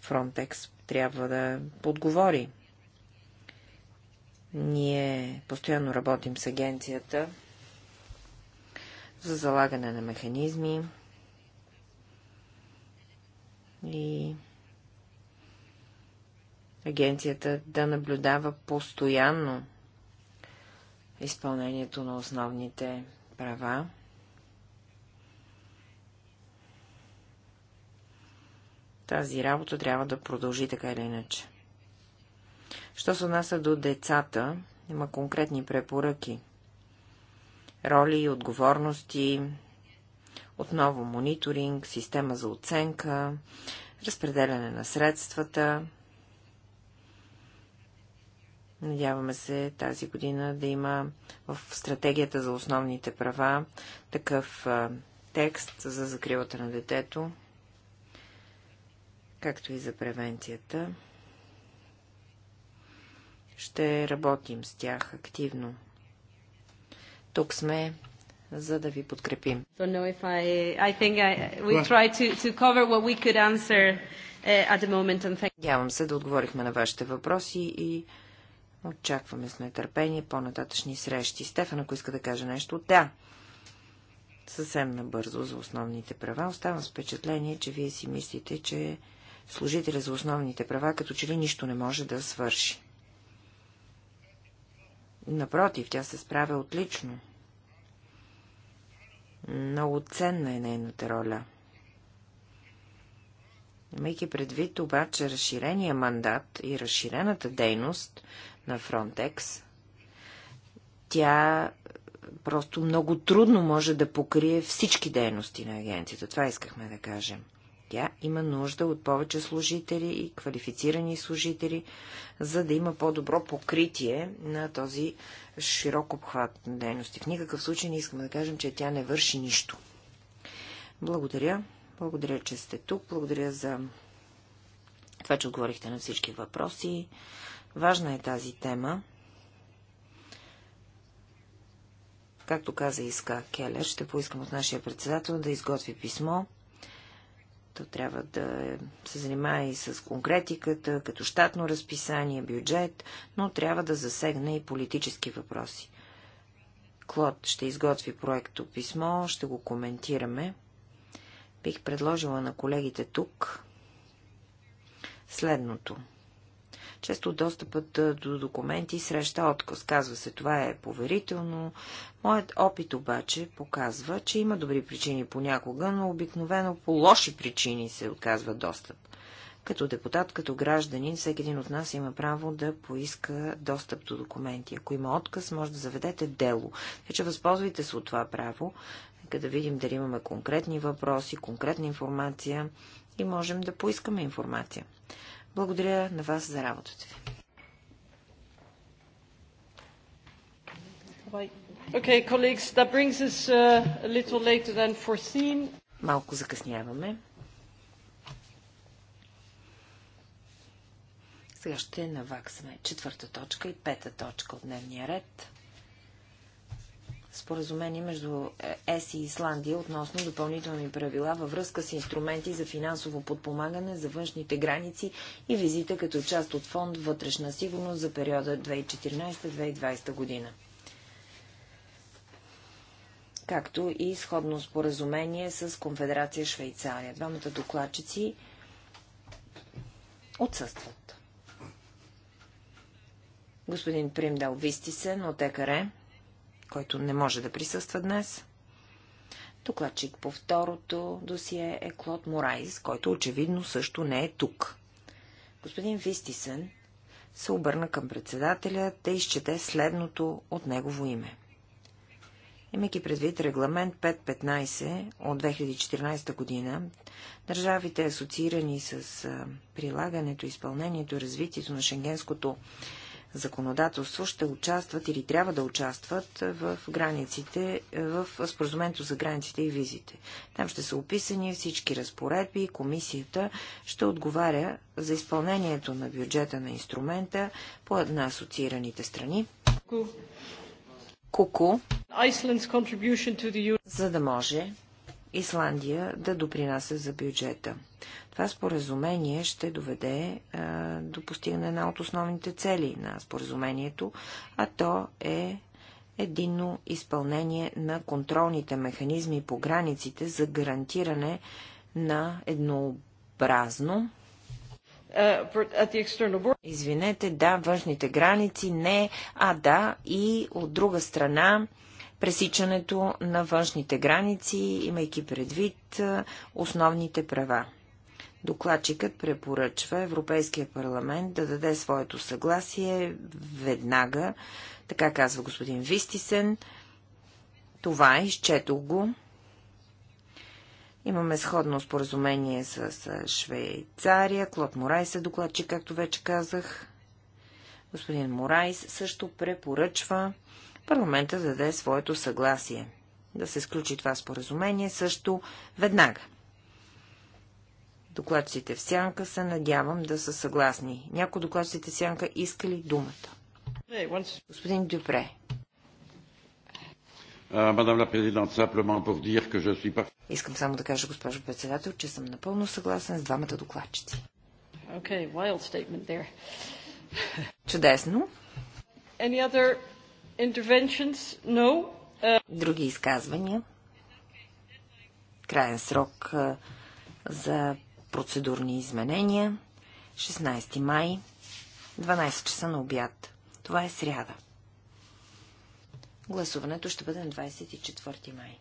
Фронтекс трябва да подговори. Ние постоянно работим с агенцията за залагане на механизми и агенцията да наблюдава постоянно изпълнението на основните права. Тази работа трябва да продължи така или иначе. Що се отнася до децата, има конкретни препоръки. Роли и отговорности, отново мониторинг, система за оценка, разпределяне на средствата. Надяваме се тази година да има в стратегията за основните права такъв текст за закривата на детето както и за превенцията. Ще работим с тях активно. Тук сме, за да ви подкрепим. Надявам се да отговорихме на вашите въпроси и очакваме с нетърпение по-нататъчни срещи. Стефан, ако иска да каже нещо, да съвсем набързо за основните права. Оставам с впечатление, че вие си мислите, че служителя за основните права, като че ли нищо не може да свърши. Напротив, тя се справя отлично. Много ценна е нейната роля. Имайки предвид обаче разширения мандат и разширената дейност на Фронтекс, тя просто много трудно може да покрие всички дейности на агенцията. Това искахме да кажем. Тя има нужда от повече служители и квалифицирани служители, за да има по-добро покритие на този широк обхват на дейности. В никакъв случай не искаме да кажем, че тя не върши нищо. Благодаря. Благодаря, че сте тук. Благодаря за това, че отговорихте на всички въпроси. Важна е тази тема. Както каза Иска Келер, ще поискам от нашия председател да изготви писмо то трябва да се занимае и с конкретиката, като щатно разписание, бюджет, но трябва да засегне и политически въпроси. Клод ще изготви проекто писмо, ще го коментираме. Бих предложила на колегите тук следното – често достъпът до документи среща отказ. Казва се, това е поверително. Моят опит обаче показва, че има добри причини понякога, но обикновено по лоши причини се отказва достъп. Като депутат, като гражданин, всеки един от нас има право да поиска достъп до документи. Ако има отказ, може да заведете дело. че възползвайте се от това право. Нека да видим дали имаме конкретни въпроси, конкретна информация и можем да поискаме информация. Благодаря на вас за работата ви. Okay, colleagues, that brings us uh, a little later than foreseen. Малко закъсняваме. Сега ще наваксаме четвърта точка и пета точка от дневния ред споразумение между ЕС и Исландия относно допълнителни правила във връзка с инструменти за финансово подпомагане за външните граници и визита като част от фонд Вътрешна сигурност за периода 2014-2020 година. Както и сходно споразумение с Конфедерация Швейцария. Двамата докладчици отсъстват. Господин Примдал Вистисен от ЕКРЕ който не може да присъства днес. Докладчик по второто досие е Клод Морайс, който очевидно също не е тук. Господин Вистисен се обърна към председателя да изчете следното от негово име. Имайки предвид регламент 515 от 2014 година, държавите асоциирани с прилагането, изпълнението и развитието на шенгенското законодателство ще участват или трябва да участват в границите, в споразумението за границите и визите. Там ще са описани всички разпоредби и комисията ще отговаря за изпълнението на бюджета на инструмента по една асоциираните страни. Куку, за да може Исландия да допринася за бюджета. Това споразумение ще доведе а, е, до постигане една от основните цели на споразумението, а то е единно изпълнение на контролните механизми по границите за гарантиране на еднообразно. Е, Извинете, да, външните граници, не, а да, и от друга страна пресичането на външните граници, имайки предвид е, основните права. Докладчикът препоръчва Европейския парламент да даде своето съгласие веднага, така казва господин Вистисен. Това е, изчетох го. Имаме сходно споразумение с Швейцария. Клод Морайс е докладчик, както вече казах. Господин Морайс също препоръчва парламента да даде своето съгласие. Да се сключи това споразумение също веднага. Докладците в сянка се надявам да са съгласни. Някои докладците в сянка искали думата. Господин Дюпре. Искам само да кажа, госпожо председател, че съм напълно съгласен с двамата докладчици. Okay, wild statement there. Чудесно. Any other interventions? No. Uh... Други изказвания? Краен срок за процедурни изменения. 16 май, 12 часа на обяд. Това е сряда. Гласуването ще бъде на 24 май.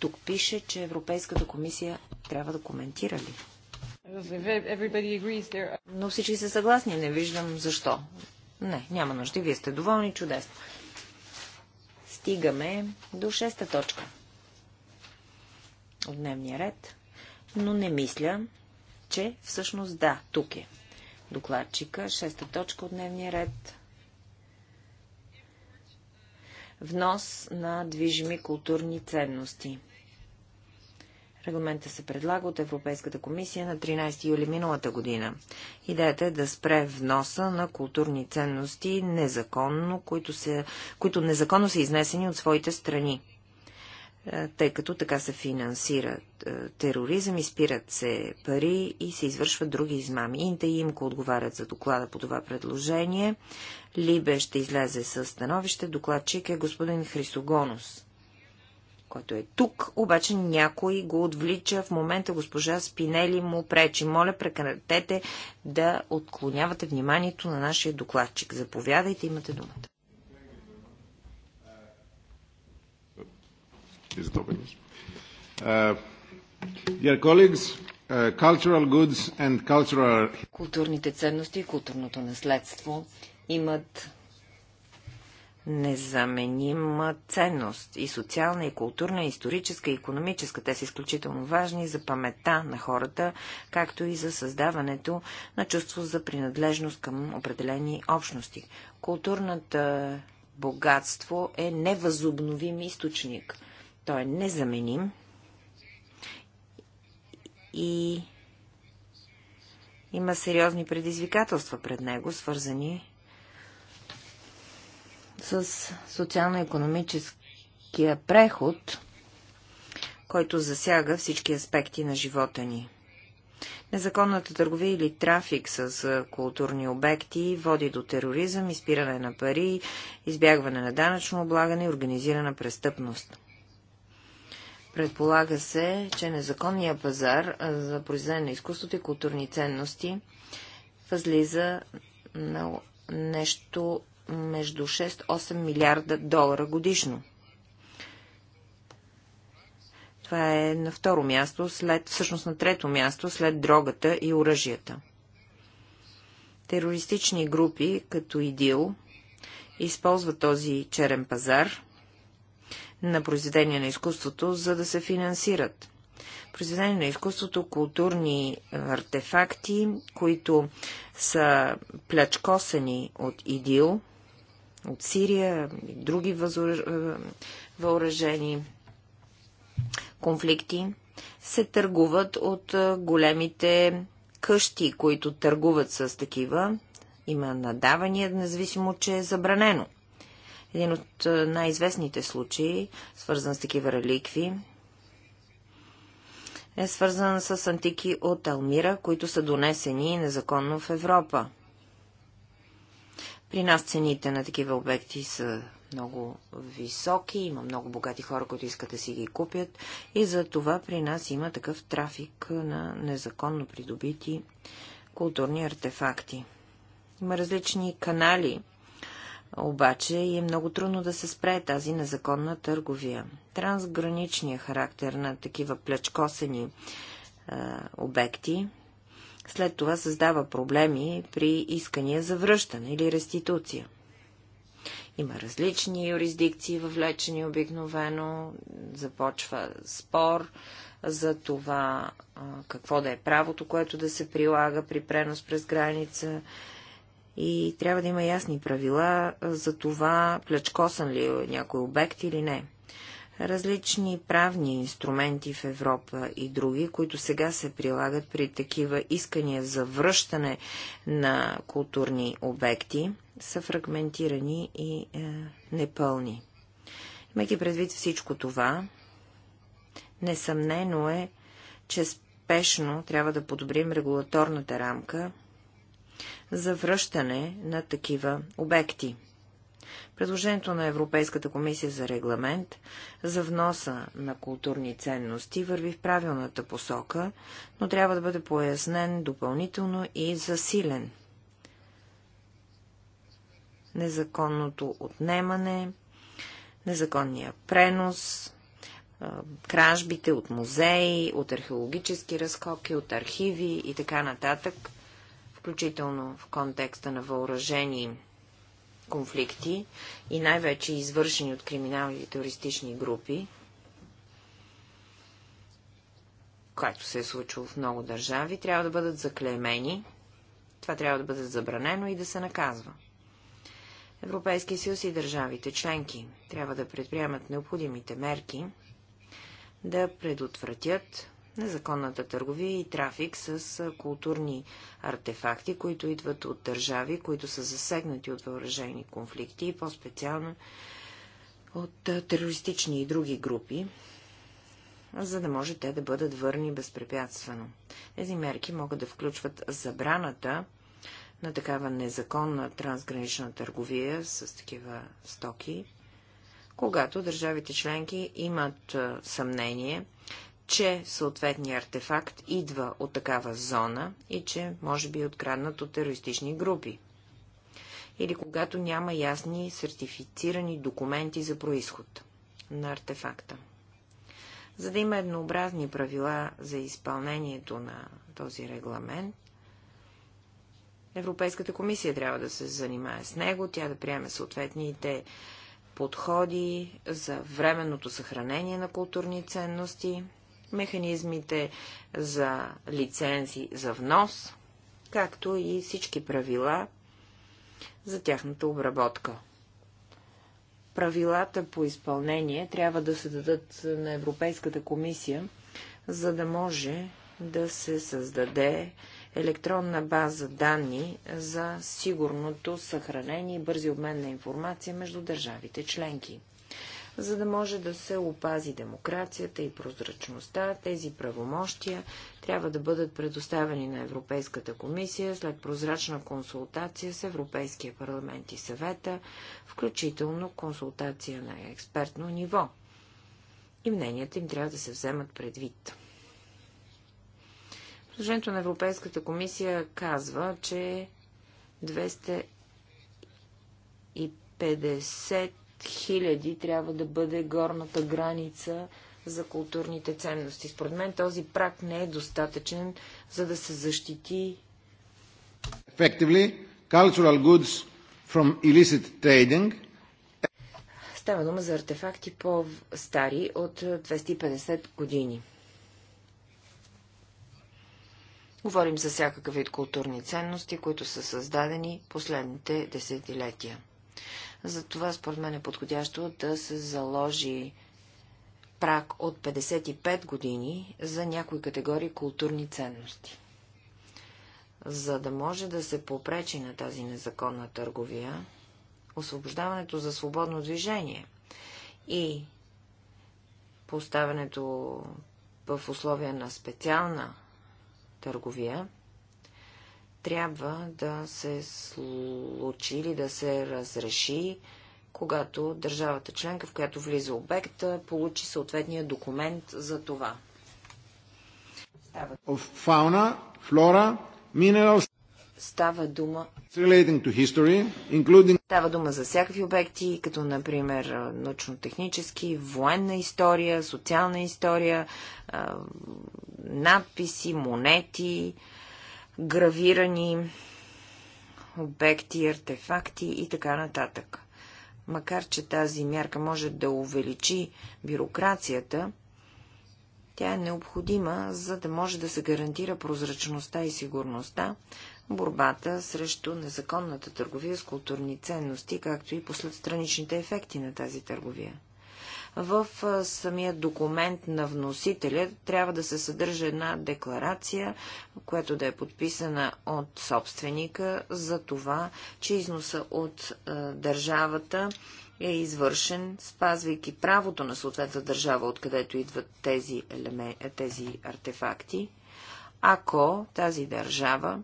Тук пише, че Европейската комисия трябва да коментира ли. Но всички са съгласни, не виждам защо. Не, няма нужда. Вие сте доволни, чудесно. Стигаме до шеста точка. От дневния ред но не мисля, че всъщност да, тук е. Докладчика, шеста точка от дневния ред. Внос на движими културни ценности. Регламента се предлага от Европейската комисия на 13 юли миналата година. Идеята е да спре вноса на културни ценности незаконно, които, се, които незаконно са изнесени от своите страни. Е, тъй като така се финансира е, тероризъм, изпират се пари и се извършват други измами. Инта и Имко отговарят за доклада по това предложение. Либе ще излезе с становище. Докладчик е господин Хрисогонос, който е тук, обаче някой го отвлича. В момента госпожа Спинели му пречи. Моля, прекратете да отклонявате вниманието на нашия докладчик. Заповядайте, имате думата. Uh, dear colleagues, uh, cultural goods and cultural... Културните ценности и културното наследство имат незаменима ценност и социална, и културна, и историческа, и економическа. Те са изключително важни за паметта на хората, както и за създаването на чувство за принадлежност към определени общности. Културната богатство е невъзобновим източник той е незаменим и има сериозни предизвикателства пред него, свързани с социално-економическия преход, който засяга всички аспекти на живота ни. Незаконната търговия или трафик с културни обекти води до тероризъм, изпиране на пари, избягване на данъчно облагане и организирана престъпност. Предполага се, че незаконния пазар за произведение на изкуството и културни ценности възлиза на нещо между 6-8 милиарда долара годишно. Това е на второ място, след, всъщност на трето място, след дрогата и оръжията. Терористични групи, като ИДИЛ, използват този черен пазар на произведения на изкуството, за да се финансират. Произведения на изкуството, културни е, артефакти, които са плячкосани от ИДИЛ, от Сирия и други е, въоръжени конфликти, се търгуват от е, големите къщи, които търгуват с такива. Има надавания, независимо, че е забранено. Един от най-известните случаи, свързан с такива реликви, е свързан с антики от Алмира, които са донесени незаконно в Европа. При нас цените на такива обекти са много високи, има много богати хора, които искат да си ги купят и за това при нас има такъв трафик на незаконно придобити културни артефакти. Има различни канали обаче е много трудно да се спре тази незаконна търговия. Трансграничният характер на такива плечкосени е, обекти след това създава проблеми при искания за връщане или реституция. Има различни юрисдикции въвлечени обикновено, започва спор за това какво да е правото, което да се прилага при пренос през граница, и трябва да има ясни правила за това, плечкосан ли е някой обект или не. Различни правни инструменти в Европа и други, които сега се прилагат при такива искания за връщане на културни обекти, са фрагментирани и е, непълни. Имайки предвид всичко това, несъмнено е, че спешно трябва да подобрим регулаторната рамка за връщане на такива обекти. Предложението на Европейската комисия за регламент за вноса на културни ценности върви в правилната посока, но трябва да бъде пояснен допълнително и засилен. Незаконното отнемане, незаконния пренос, кражбите от музеи, от археологически разкопки, от архиви и така нататък включително в контекста на въоръжени конфликти и най-вече извършени от криминални и терористични групи, както се е случило в много държави, трябва да бъдат заклеймени. Това трябва да бъде забранено и да се наказва. Европейски съюз и държавите членки трябва да предприемат необходимите мерки да предотвратят незаконната търговия и трафик с културни артефакти, които идват от държави, които са засегнати от въоръжени конфликти и по-специално от терористични и други групи, за да може те да бъдат върни безпрепятствено. Тези мерки могат да включват забраната на такава незаконна трансгранична търговия с такива стоки, когато държавите членки имат съмнение, че съответният артефакт идва от такава зона и че може би е откраднат от терористични групи. Или когато няма ясни сертифицирани документи за происход на артефакта. За да има еднообразни правила за изпълнението на този регламент, Европейската комисия трябва да се занимае с него, тя да приеме съответните подходи за временното съхранение на културни ценности, механизмите за лицензи за внос, както и всички правила за тяхната обработка. Правилата по изпълнение трябва да се дадат на Европейската комисия, за да може да се създаде електронна база данни за сигурното съхранение и бързи обмен на информация между държавите членки за да може да се опази демокрацията и прозрачността. Тези правомощия трябва да бъдат предоставени на Европейската комисия след прозрачна консултация с Европейския парламент и съвета, включително консултация на експертно ниво. И мненията им трябва да се вземат предвид. Служението на Европейската комисия казва, че 250 хиляди трябва да бъде горната граница за културните ценности. Според мен този прак не е достатъчен, за да се защити. Effectively, cultural goods from illicit trading. Става дума за артефакти по-стари от 250 е, години. Говорим за всякакъв вид културни ценности, които са създадени последните десетилетия. Затова според мен е подходящо да се заложи прак от 55 години за някои категории културни ценности. За да може да се попречи на тази незаконна търговия, освобождаването за свободно движение и поставянето в условия на специална търговия трябва да се случи или да се разреши, когато държавата членка, в която влиза обекта, получи съответния документ за това. Фауна, флора, минерал. Става дума. History, including... Става дума за всякакви обекти, като например научно-технически, военна история, социална история, надписи, монети, гравирани обекти, артефакти и така нататък. Макар, че тази мярка може да увеличи бюрокрацията, тя е необходима, за да може да се гарантира прозрачността и сигурността, борбата срещу незаконната търговия с културни ценности, както и последстраничните ефекти на тази търговия в самия документ на вносителя трябва да се съдържа една декларация, която да е подписана от собственика за това, че износа от държавата е извършен, спазвайки правото на съответната държава, откъдето идват тези, елемен... тези артефакти, ако тази държава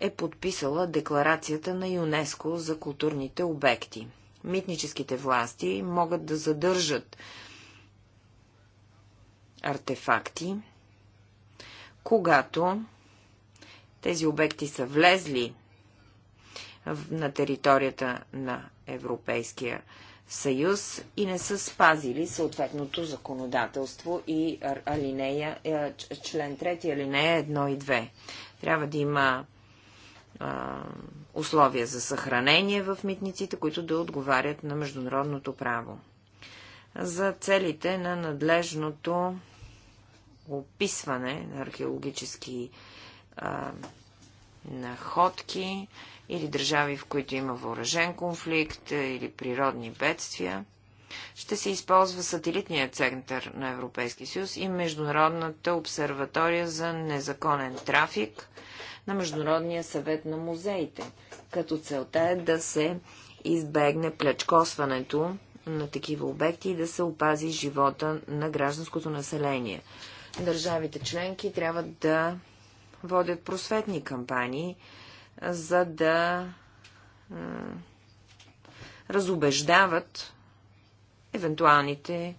е подписала декларацията на ЮНЕСКО за културните обекти митническите власти могат да задържат артефакти, когато тези обекти са влезли на територията на Европейския съюз и не са спазили съответното законодателство и алинея, е, член 3, алинея 1 и 2. Трябва да има условия за съхранение в митниците, които да отговарят на международното право. За целите на надлежното описване на археологически а, находки или държави, в които има въоръжен конфликт или природни бедствия, ще се използва сателитният център на Европейския съюз и Международната обсерватория за незаконен трафик, на Международния съвет на музеите, като целта е да се избегне плечкосването на такива обекти и да се опази живота на гражданското население. Държавите членки трябва да водят просветни кампании, за да разобеждават евентуалните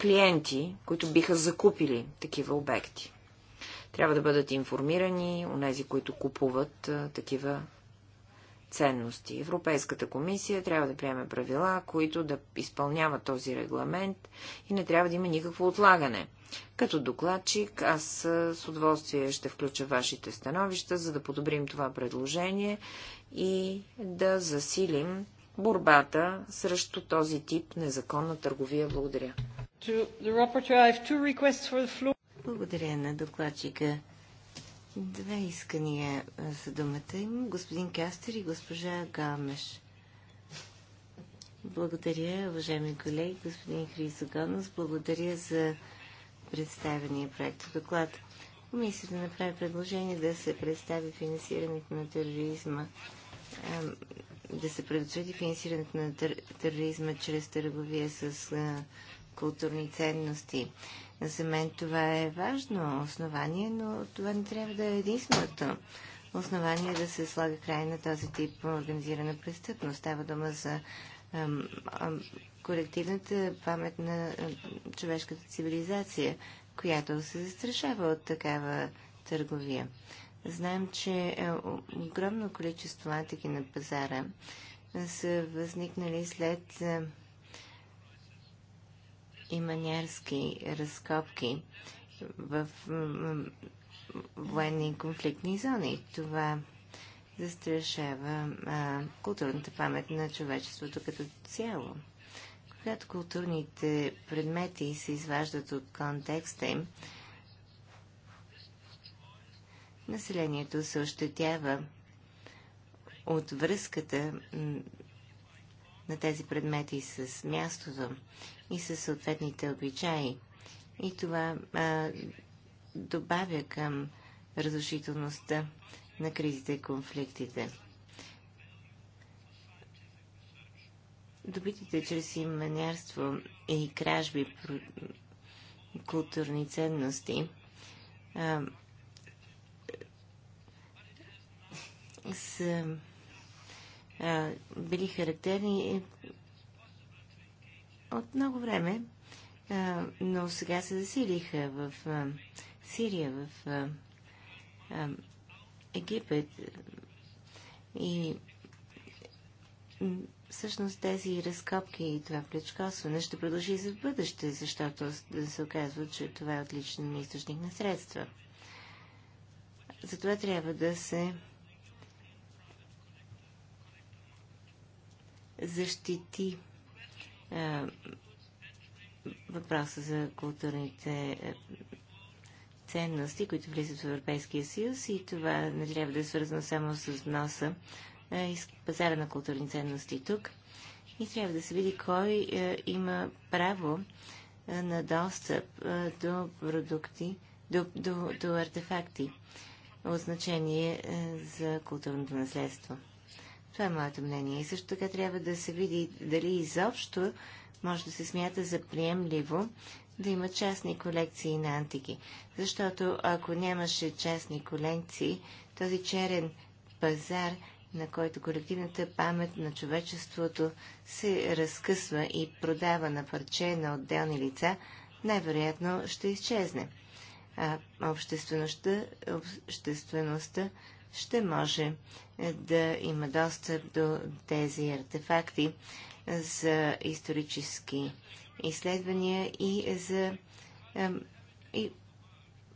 клиенти, които биха закупили такива обекти. Трябва да бъдат информирани онези, които купуват такива ценности. Европейската комисия трябва да приеме правила, които да изпълняват този регламент и не трябва да има никакво отлагане. Като докладчик, аз с удоволствие ще включа вашите становища, за да подобрим това предложение и да засилим борбата срещу този тип незаконна търговия. Благодаря. Благодаря на докладчика. Две искания за думата им. Господин Кастер и госпожа Гамеш. Благодаря, уважаеми колеги, господин Хризогонос. Благодаря за представения проект доклад. Комисията да направя предложение да се представи финансирането на тероризма, да се предотврати финансирането на тероризма чрез търговия с културни ценности. За мен това е важно основание, но това не трябва да е единственото основание да се слага край на този тип организирана престъпност. Става дума за ам, ам, колективната памет на човешката цивилизация, която се застрашава от такава търговия. Знаем, че е, огромно количество антики на пазара са възникнали след иманярски разкопки в военни конфликтни зони. Това застрашава а, културната памет на човечеството като цяло. Когато културните предмети се изваждат от контекста им, населението се ощетява от връзката на тези предмети с мястото и със съответните обичаи. И това а, добавя към разрушителността на кризите и конфликтите. Добитите чрез именярство и кражби културни ценности а, са а, били характерни от много време, но сега се засилиха в Сирия, в Египет. И всъщност тези разкопки и това плечкосване ще продължи и за бъдеще, защото се оказва, че това е отличен източник на средства. Затова трябва да се защити е, въпроса за културните е, ценности, които влизат в Европейския съюз и това не трябва да е свързано само с вноса е, и с пазара на културни ценности тук. И трябва да се види кой има право на достъп до продукти, до, до, до артефакти от значение за културното наследство. Това е моето мнение. И също така трябва да се види дали изобщо може да се смята за приемливо да има частни колекции на антики. Защото ако нямаше частни колекции, този черен пазар, на който колективната памет на човечеството се разкъсва и продава на парче на отделни лица, най-вероятно ще изчезне. А обществеността, обществеността ще може да има достъп до тези артефакти за исторически изследвания и за и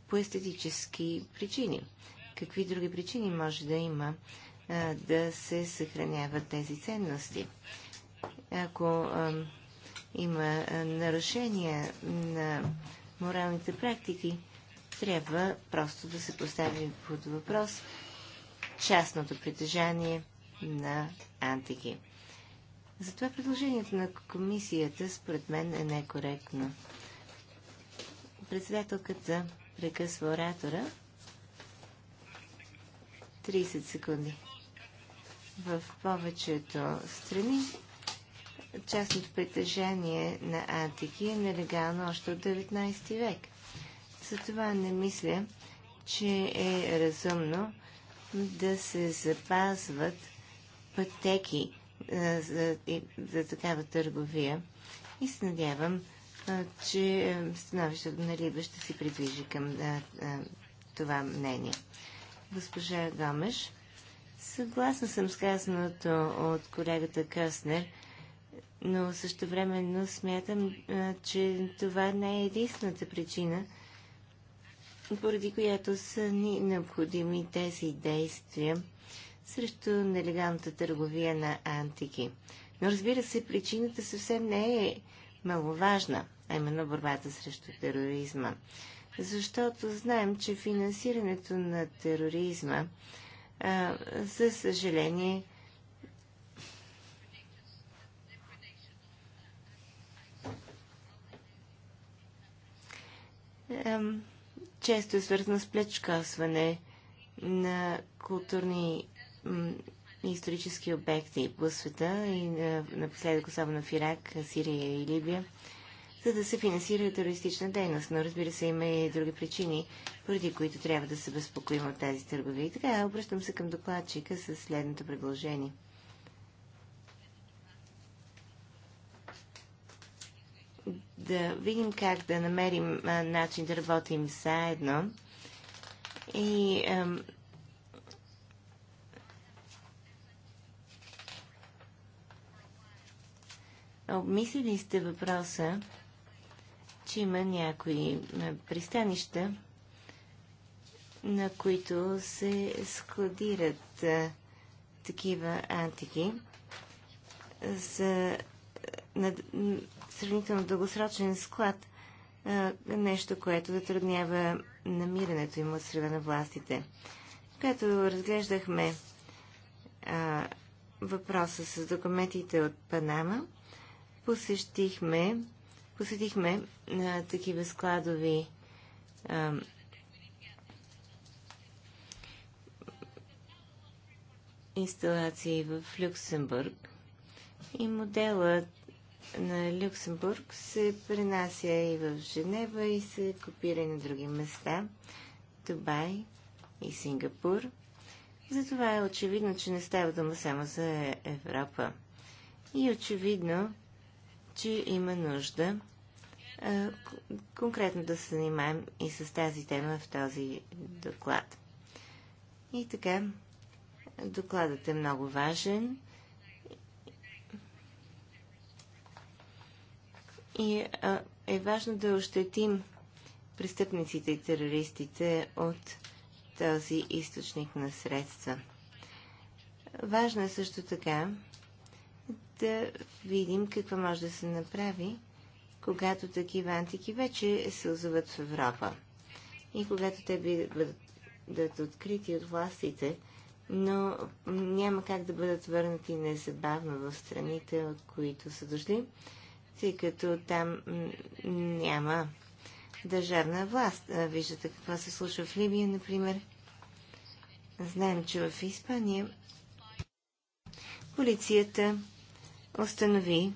по естетически причини. Какви други причини може да има да се съхраняват тези ценности? Ако има нарушения на моралните практики, трябва просто да се постави под въпрос частното притежание на антики. Затова предложението на комисията според мен е некоректно. Председателката прекъсва оратора. 30 секунди. В повечето страни частното притежание на антики е нелегално още от 19 век. Затова не мисля, че е разумно да се запазват пътеки за, за такава търговия. И се надявам, че становището на Либа ще се придвижи към това мнение. Госпожа Гомеш, съгласна съм с казаното от колегата Къснер, но също времено смятам, че това не е единствената причина – поради която са ни необходими тези действия срещу нелегалната търговия на антики. Но разбира се, причината съвсем не е маловажна, а именно борбата срещу тероризма. Защото знаем, че финансирането на тероризма, а, за съжаление, Um често е свързано с плечкосване на културни и исторически обекти по света и напоследък особено в Ирак, Сирия и Либия, за да се финансира терористична дейност. Но разбира се, има и други причини, поради които трябва да се безпокоим от тази търговия. И така, обръщам се към докладчика с следното предложение – да видим как да намерим а, начин да работим заедно. И ам, обмислили сте въпроса, че има някои пристанища, на които се складират а, такива антики за на, сравнително дългосрочен склад, нещо, което затруднява намирането им от среда на властите. Когато разглеждахме въпроса с документите от Панама, посетихме, посетихме а, такива складови а, инсталации в Люксембург и моделът на Люксембург се пренася и в Женева и се копира и на други места – Дубай и Сингапур. Затова е очевидно, че не става дума само за Европа. И очевидно, че има нужда а, конкретно да се занимаем и с тази тема в този доклад. И така, докладът е много важен и а, е важно да ощетим престъпниците и терористите от този източник на средства. Важно е също така да видим какво може да се направи, когато такива антики вече се озоват в Европа. И когато те бъдат открити от властите, но няма как да бъдат върнати незабавно в страните, от които са дошли, тъй като там няма държавна власт. Виждате какво се случва в Либия, например. Знаем, че в Испания полицията установи,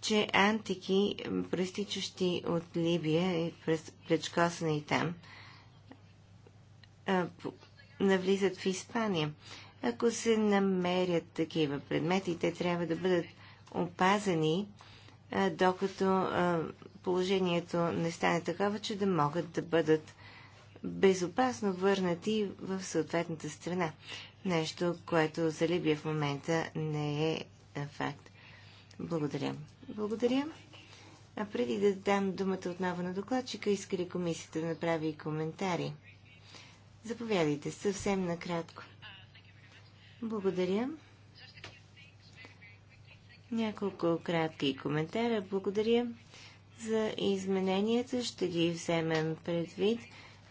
че антики, престичащи от Либия и предшкосани там, навлизат в Испания. Ако се намерят такива предмети, те трябва да бъдат опазани е, докато е, положението не стане такова, че да могат да бъдат безопасно върнати в съответната страна. Нещо, което за Либия в момента не е, е факт. Благодаря. Благодаря. А преди да дам думата отново на докладчика, иска ли комисията да направи коментари? Заповядайте съвсем накратко. Благодаря. Няколко кратки коментара. Благодаря за измененията. Ще ги вземем предвид.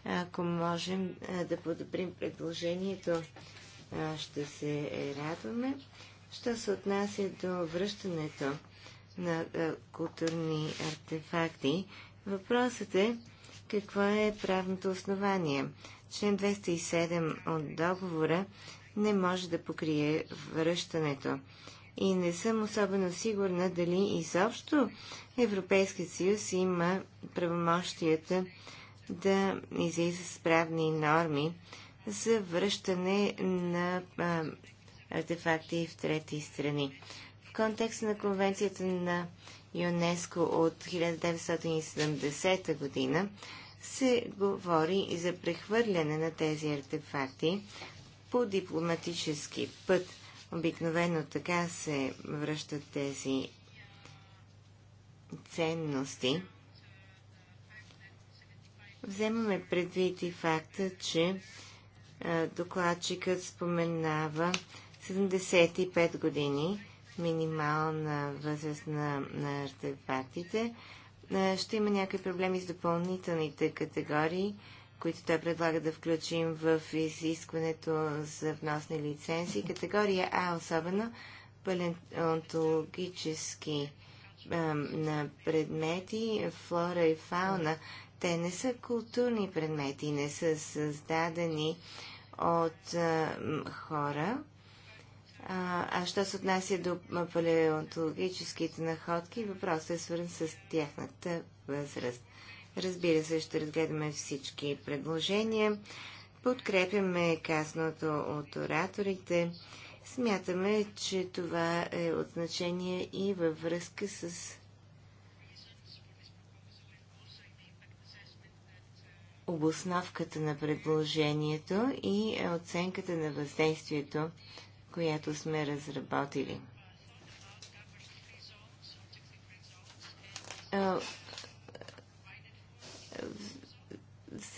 Ако можем да подобрим предложението, ще се радваме. Що се отнася до връщането на културни артефакти, въпросът е какво е правното основание. Член 207 от договора не може да покрие връщането и не съм особено сигурна дали изобщо Европейският съюз има правомощията да излиза с правни норми за връщане на артефакти в трети страни. В контекста на конвенцията на ЮНЕСКО от 1970 година се говори и за прехвърляне на тези артефакти по дипломатически път – Обикновено така се връщат тези ценности. Вземаме предвид и факта, че докладчикът споменава 75 години минимална възраст на, на артефактите. Ще има някакви проблеми с допълнителните категории които той предлага да включим в изискването за вносни лицензии. Категория А особено палеонтологически на предмети, флора и фауна. Те не са културни предмети, не са създадени от а, хора. А, а що се отнася до палеонтологическите находки, въпросът е свързан с тяхната възраст. Разбира се, ще разгледаме всички предложения. Подкрепяме казаното от ораторите. Смятаме, че това е от значение и във връзка с обосновката на предложението и оценката на въздействието, която сме разработили.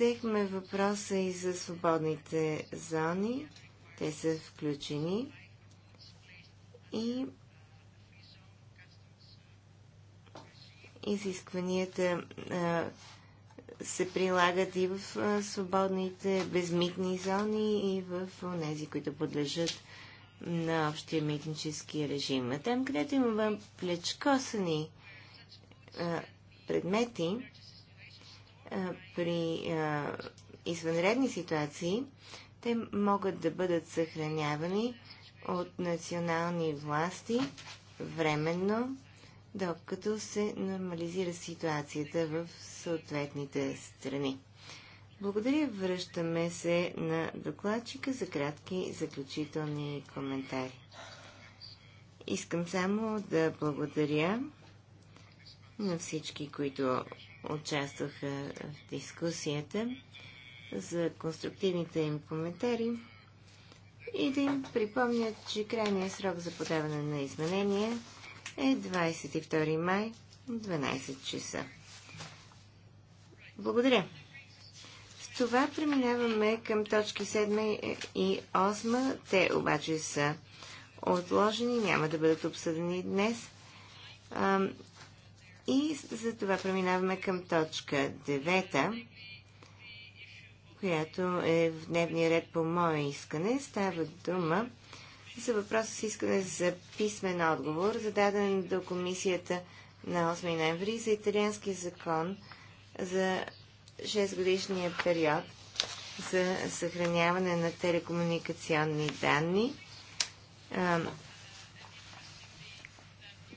Взехме въпроса и за свободните зони. Те са включени. И изискванията а, се прилагат и в а, свободните безмитни зони и в тези, които подлежат на общия митнически режим. А там, където има плечкосани а, предмети, при извънредни ситуации, те могат да бъдат съхранявани от национални власти временно, докато се нормализира ситуацията в съответните страни. Благодаря. Връщаме се на докладчика за кратки заключителни коментари. Искам само да благодаря на всички, които участваха в дискусията, за конструктивните им коментари и да им припомнят, че крайният срок за подаване на изменения е 22 май 12 часа. Благодаря. С това преминаваме към точки 7 и 8. Те обаче са отложени, няма да бъдат обсъдени днес. И за това преминаваме към точка 9, която е в дневния ред по мое искане. Става дума за въпрос с искане за писмен отговор, зададен до комисията на 8 ноември за италиански закон за 6 годишния период за съхраняване на телекомуникационни данни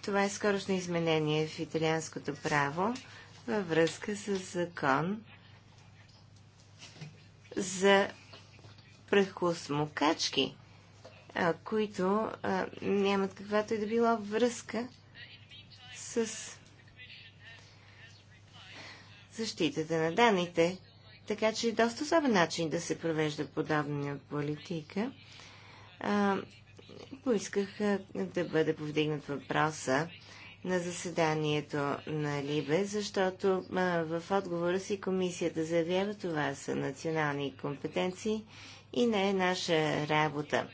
това е скорошно изменение в италианското право във връзка с закон за прехосмокачки, които а, нямат каквато и да била връзка с защитата на данните. Така че е доста особен начин да се провежда подобна политика. А, Поисках да бъде повдигнат въпроса на заседанието на Либе, защото в отговора си комисията заявява това са национални компетенции и не е наша работа.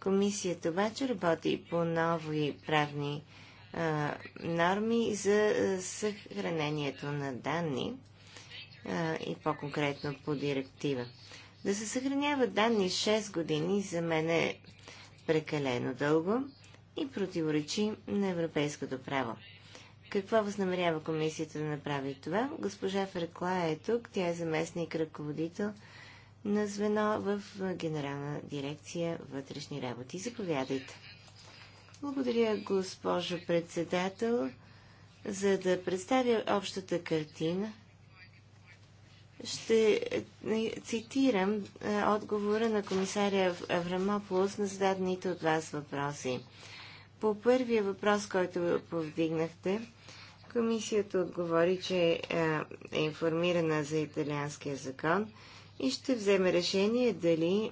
Комисията обаче работи по нови правни норми за съхранението на данни и по-конкретно по директива. Да се съхраняват данни 6 години за мен е прекалено дълго и противоречи на европейското право. Какво възнамерява комисията да направи това? Госпожа Феркла е тук. Тя е заместник ръководител на звено в Генерална дирекция вътрешни работи. Заповядайте. Благодаря, госпожо председател, за да представя общата картина ще е, цитирам е, отговора на комисаря Аврамополос на зададените от вас въпроси. По първия въпрос, който повдигнахте, комисията отговори, че е, е информирана за италианския закон и ще вземе решение дали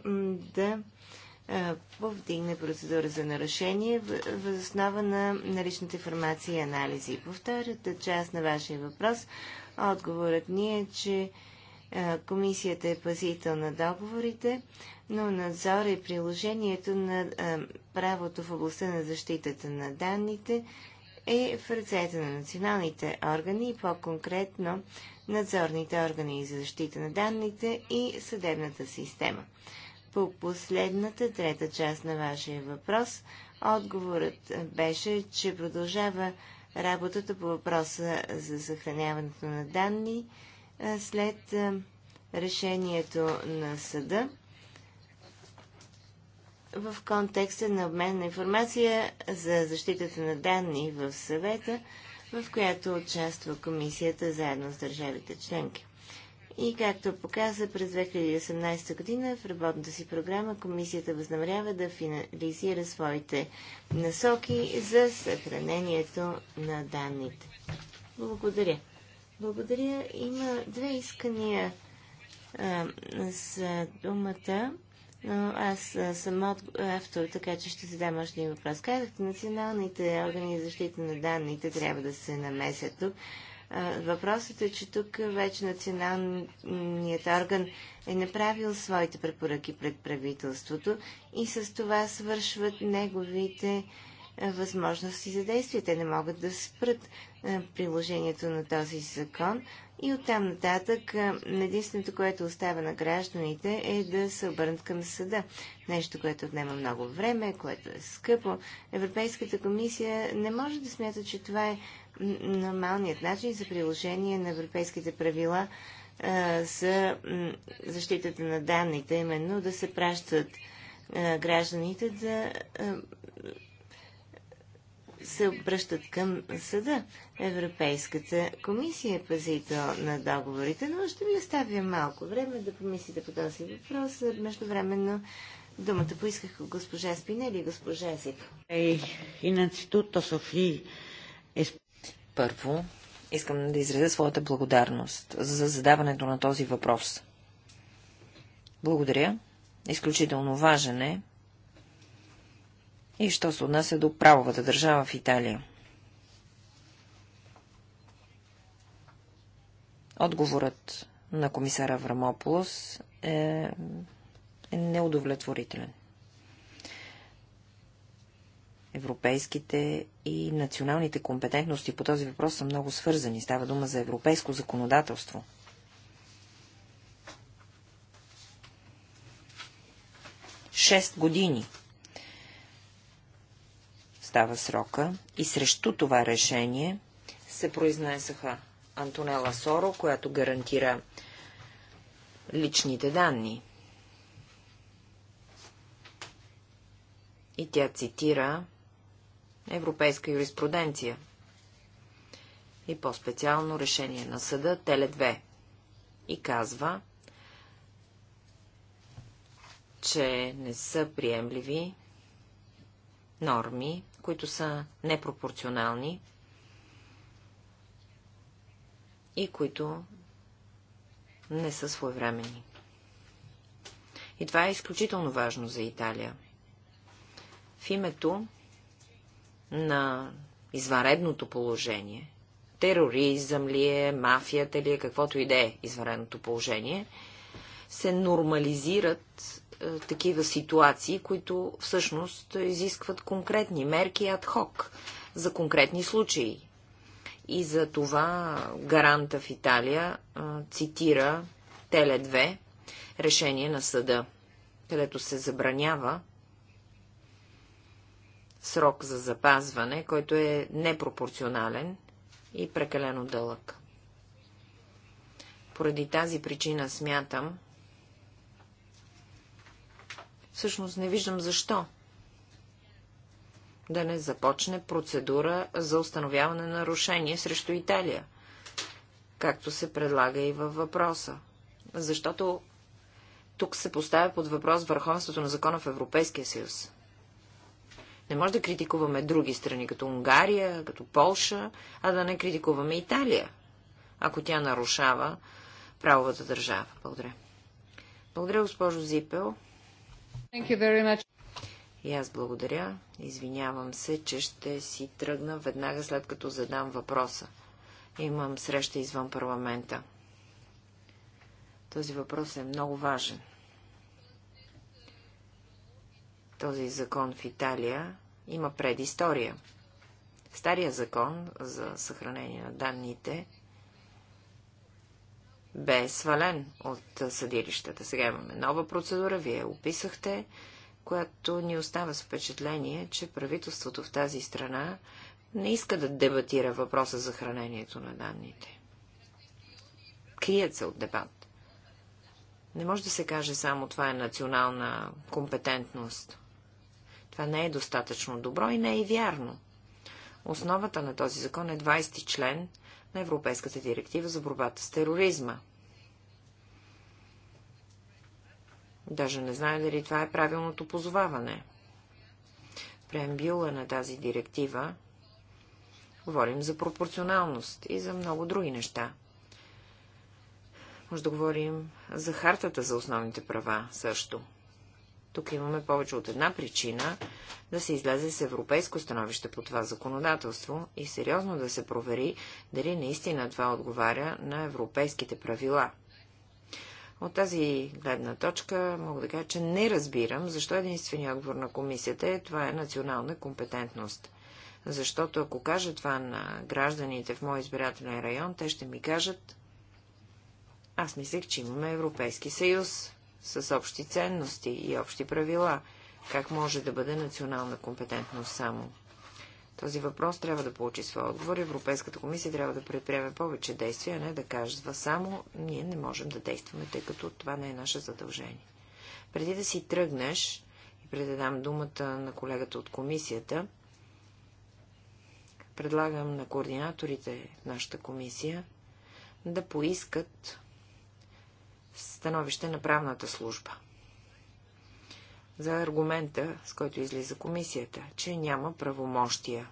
да повдигне процедура за нарушение въз основа на наличната информация и анализи. По втората част на вашия въпрос, отговорът ни е, че е, комисията е пазител на договорите, но надзор е приложението на е, правото в областта на защитата на данните е в ръцете на националните органи и по-конкретно надзорните органи за защита на данните и съдебната система. По последната трета част на вашия въпрос, отговорът беше, че продължава работата по въпроса за съхраняването на данни след решението на съда в контекста на обмен на информация за защитата на данни в съвета, в която участва комисията заедно с държавите членки. И както показа през 2018 година в работната си програма, комисията възнамерява да финализира своите насоки за съхранението на данните. Благодаря. Благодаря. Има две искания а, за думата. Но аз съм автор, така че ще задам още един въпрос. Казахте, националните органи за защита на данните трябва да се намесят тук. Въпросът е, че тук вече националният орган е направил своите препоръки пред правителството и с това свършват неговите възможности за действие. Те не могат да спрат е, приложението на този закон и оттам нататък е, единственото, което остава на гражданите е да се обърнат към съда. Нещо, което отнема много време, което е скъпо. Европейската комисия не може да смята, че това е нормалният начин за приложение на европейските правила е, за защитата на данните, именно да се пращат гражданите да се обръщат към съда. Европейската комисия е пазител на договорите, но ще ви оставя малко време да помислите по този въпрос. Междувременно думата поисках госпожа Спинели и госпожа на е, Института Софи е... Първо, искам да изразя своята благодарност за задаването на този въпрос. Благодаря. Изключително важен е и що се отнася до правовата държава в Италия. Отговорът на комисара Врамополос е, е неудовлетворителен. Европейските и националните компетентности по този въпрос са много свързани. Става дума за европейско законодателство. Шест години става срока и срещу това решение се произнесаха Антонела Соро, която гарантира личните данни. И тя цитира европейска юриспруденция и по-специално решение на съда Теле 2 и казва, че не са приемливи норми, които са непропорционални и които не са своевременни. И това е изключително важно за Италия. В името на извънредното положение, тероризъм ли е, мафията ли е, каквото и да е извънредното положение, се нормализират е, такива ситуации, които всъщност изискват конкретни мерки адхок за конкретни случаи. И за това гаранта в Италия е, цитира Теле 2, решение на съда, където се забранява срок за запазване, който е непропорционален и прекалено дълъг. Поради тази причина смятам, Всъщност не виждам защо да не започне процедура за установяване на нарушение срещу Италия, както се предлага и във въпроса. Защото тук се поставя под въпрос върховенството на закона в Европейския съюз. Не може да критикуваме други страни, като Унгария, като Полша, а да не критикуваме Италия, ако тя нарушава правовата държава. Благодаря. Благодаря, госпожо Зипел. Thank you very much. И аз благодаря. Извинявам се, че ще си тръгна веднага след като задам въпроса. Имам среща извън парламента. Този въпрос е много важен. Този закон в Италия има предистория. Стария закон за съхранение на данните бе свален от съдилищата. Сега имаме нова процедура, вие описахте, която ни остава с впечатление, че правителството в тази страна не иска да дебатира въпроса за хранението на данните. Крият се от дебат. Не може да се каже само това е национална компетентност. Това не е достатъчно добро и не е вярно. Основата на този закон е 20 член, на Европейската директива за борбата с тероризма. Даже не знае дали това е правилното позоваване. Преамбюла на тази директива говорим за пропорционалност и за много други неща. Може да говорим за хартата за основните права също. Тук имаме повече от една причина да се излезе с европейско становище по това законодателство и сериозно да се провери дали наистина това отговаря на европейските правила. От тази гледна точка мога да кажа, че не разбирам защо единственият отговор на комисията е това е национална компетентност. Защото ако кажа това на гражданите в мой избирателен район, те ще ми кажат, аз мислех, че имаме Европейски съюз с общи ценности и общи правила. Как може да бъде национална компетентност само? Този въпрос трябва да получи своя отговор. Европейската комисия трябва да предприеме повече действия, а не да казва само ние не можем да действаме, тъй като това не е наше задължение. Преди да си тръгнеш и предадам думата на колегата от комисията, предлагам на координаторите в нашата комисия да поискат становище на правната служба за аргумента, с който излиза комисията, че няма правомощия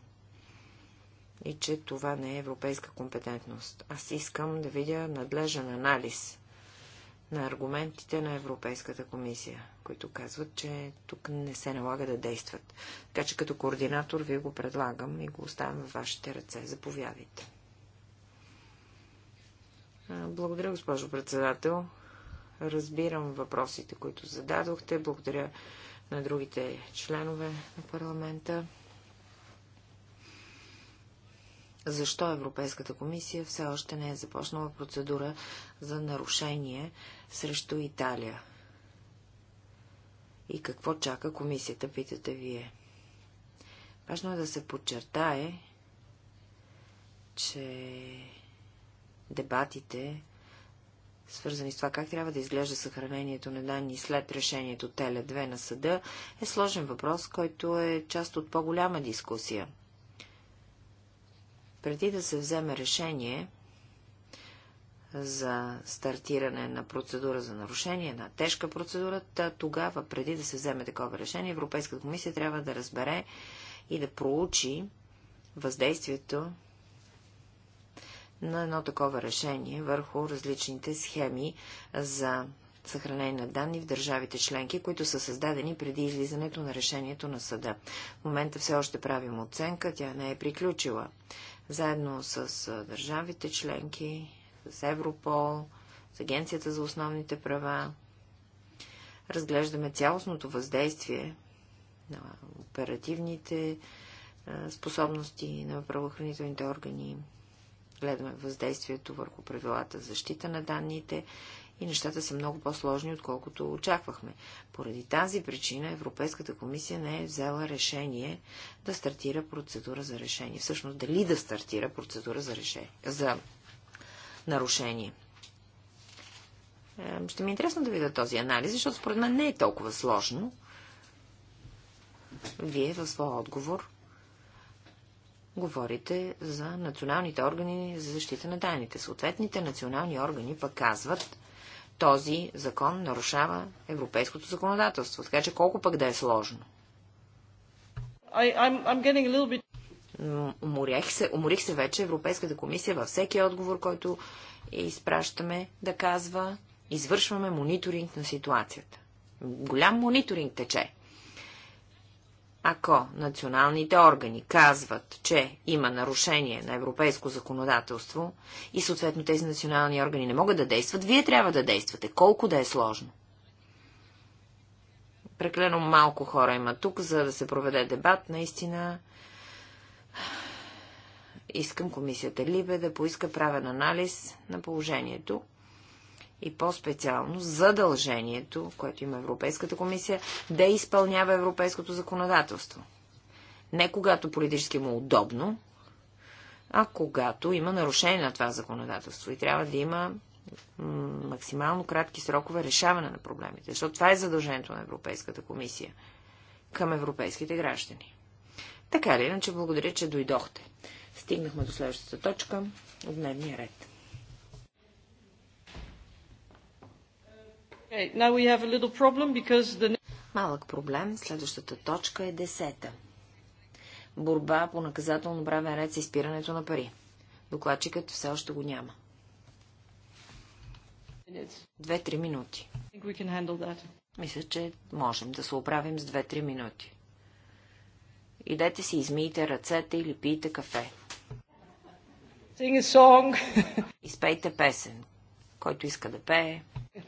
и че това не е европейска компетентност. Аз искам да видя надлежен анализ на аргументите на Европейската комисия, които казват, че тук не се налага да действат. Така че като координатор ви го предлагам и го оставям във вашите ръце. Заповядайте. Благодаря, госпожо председател разбирам въпросите, които зададохте. Благодаря на другите членове на парламента. Защо Европейската комисия все още не е започнала процедура за нарушение срещу Италия? И какво чака комисията, питате вие? Важно е да се подчертае, че дебатите свързани с това как трябва да изглежда съхранението на данни след решението Теле 2 на съда, е сложен въпрос, който е част от по-голяма дискусия. Преди да се вземе решение за стартиране на процедура за нарушение, на тежка процедура, тогава, преди да се вземе такова решение, Европейската комисия трябва да разбере и да проучи въздействието на едно такова решение върху различните схеми за съхранение на данни в държавите членки, които са създадени преди излизането на решението на съда. В момента все още правим оценка, тя не е приключила. Заедно с държавите членки, с Европол, с Агенцията за основните права, разглеждаме цялостното въздействие на оперативните способности на правоохранителните органи, Гледаме въздействието върху правилата защита на данните и нещата са много по-сложни, отколкото очаквахме. Поради тази причина Европейската комисия не е взела решение да стартира процедура за решение. Всъщност, дали да стартира процедура за, решение, за нарушение. Ще ми е интересно да видя този анализ, защото според мен не е толкова сложно. Вие в своя отговор говорите за националните органи за защита на данните. Съответните национални органи пък казват, този закон нарушава европейското законодателство. Така че колко пък да е сложно? I, I'm, I'm bit... уморих, се, уморих се вече Европейската комисия във всеки отговор, който изпращаме да казва, извършваме мониторинг на ситуацията. Голям мониторинг тече. Ако националните органи казват, че има нарушение на европейско законодателство и съответно тези национални органи не могат да действат, вие трябва да действате, колко да е сложно. Преклено малко хора има тук, за да се проведе дебат. Наистина искам комисията Либе да поиска правен анализ на положението и по-специално задължението, което има Европейската комисия, да изпълнява европейското законодателство. Не когато политически му е удобно, а когато има нарушение на това законодателство и трябва да има максимално кратки срокове решаване на проблемите, защото това е задължението на Европейската комисия към европейските граждани. Така или иначе, благодаря, че дойдохте. Стигнахме до следващата точка от дневния ред. Малък проблем. Следващата точка е десета. Борба по наказателно правен ред с изпирането на пари. Докладчикът все още го няма. Две-три минути. Мисля, че можем да се оправим с две-три минути. Идете си, измийте ръцете или пийте кафе. Изпейте песен, който иска да пее.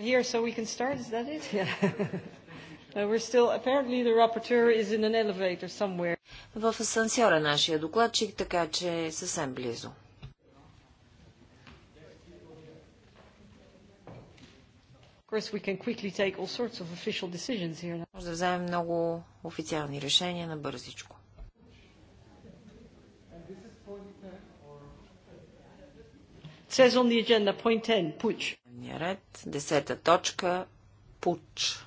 We're here so we can start, is that it? Yeah. Uh, we're still, apparently the rapporteur is in an elevator somewhere. В асансьора нашия докладчик, така че е съвсем близо. course, we can quickly take all sorts of official decisions here. Може да вземем много официални решения на бързичко. says on the agenda, point 10, putsch дневния ред. Десета точка – пуч.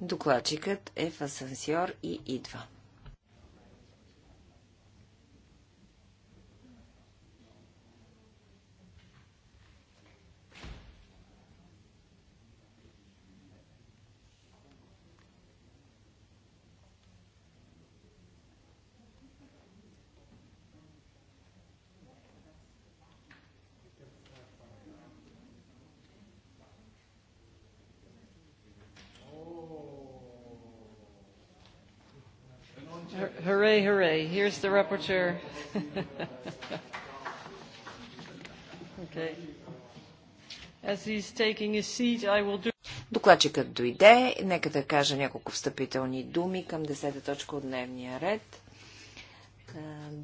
Докладчикът е в асансьор и идва. the rapporteur. okay. As he's taking his seat, I will do... Докладчикът дойде. Нека да кажа няколко встъпителни думи към 10 точка от дневния ред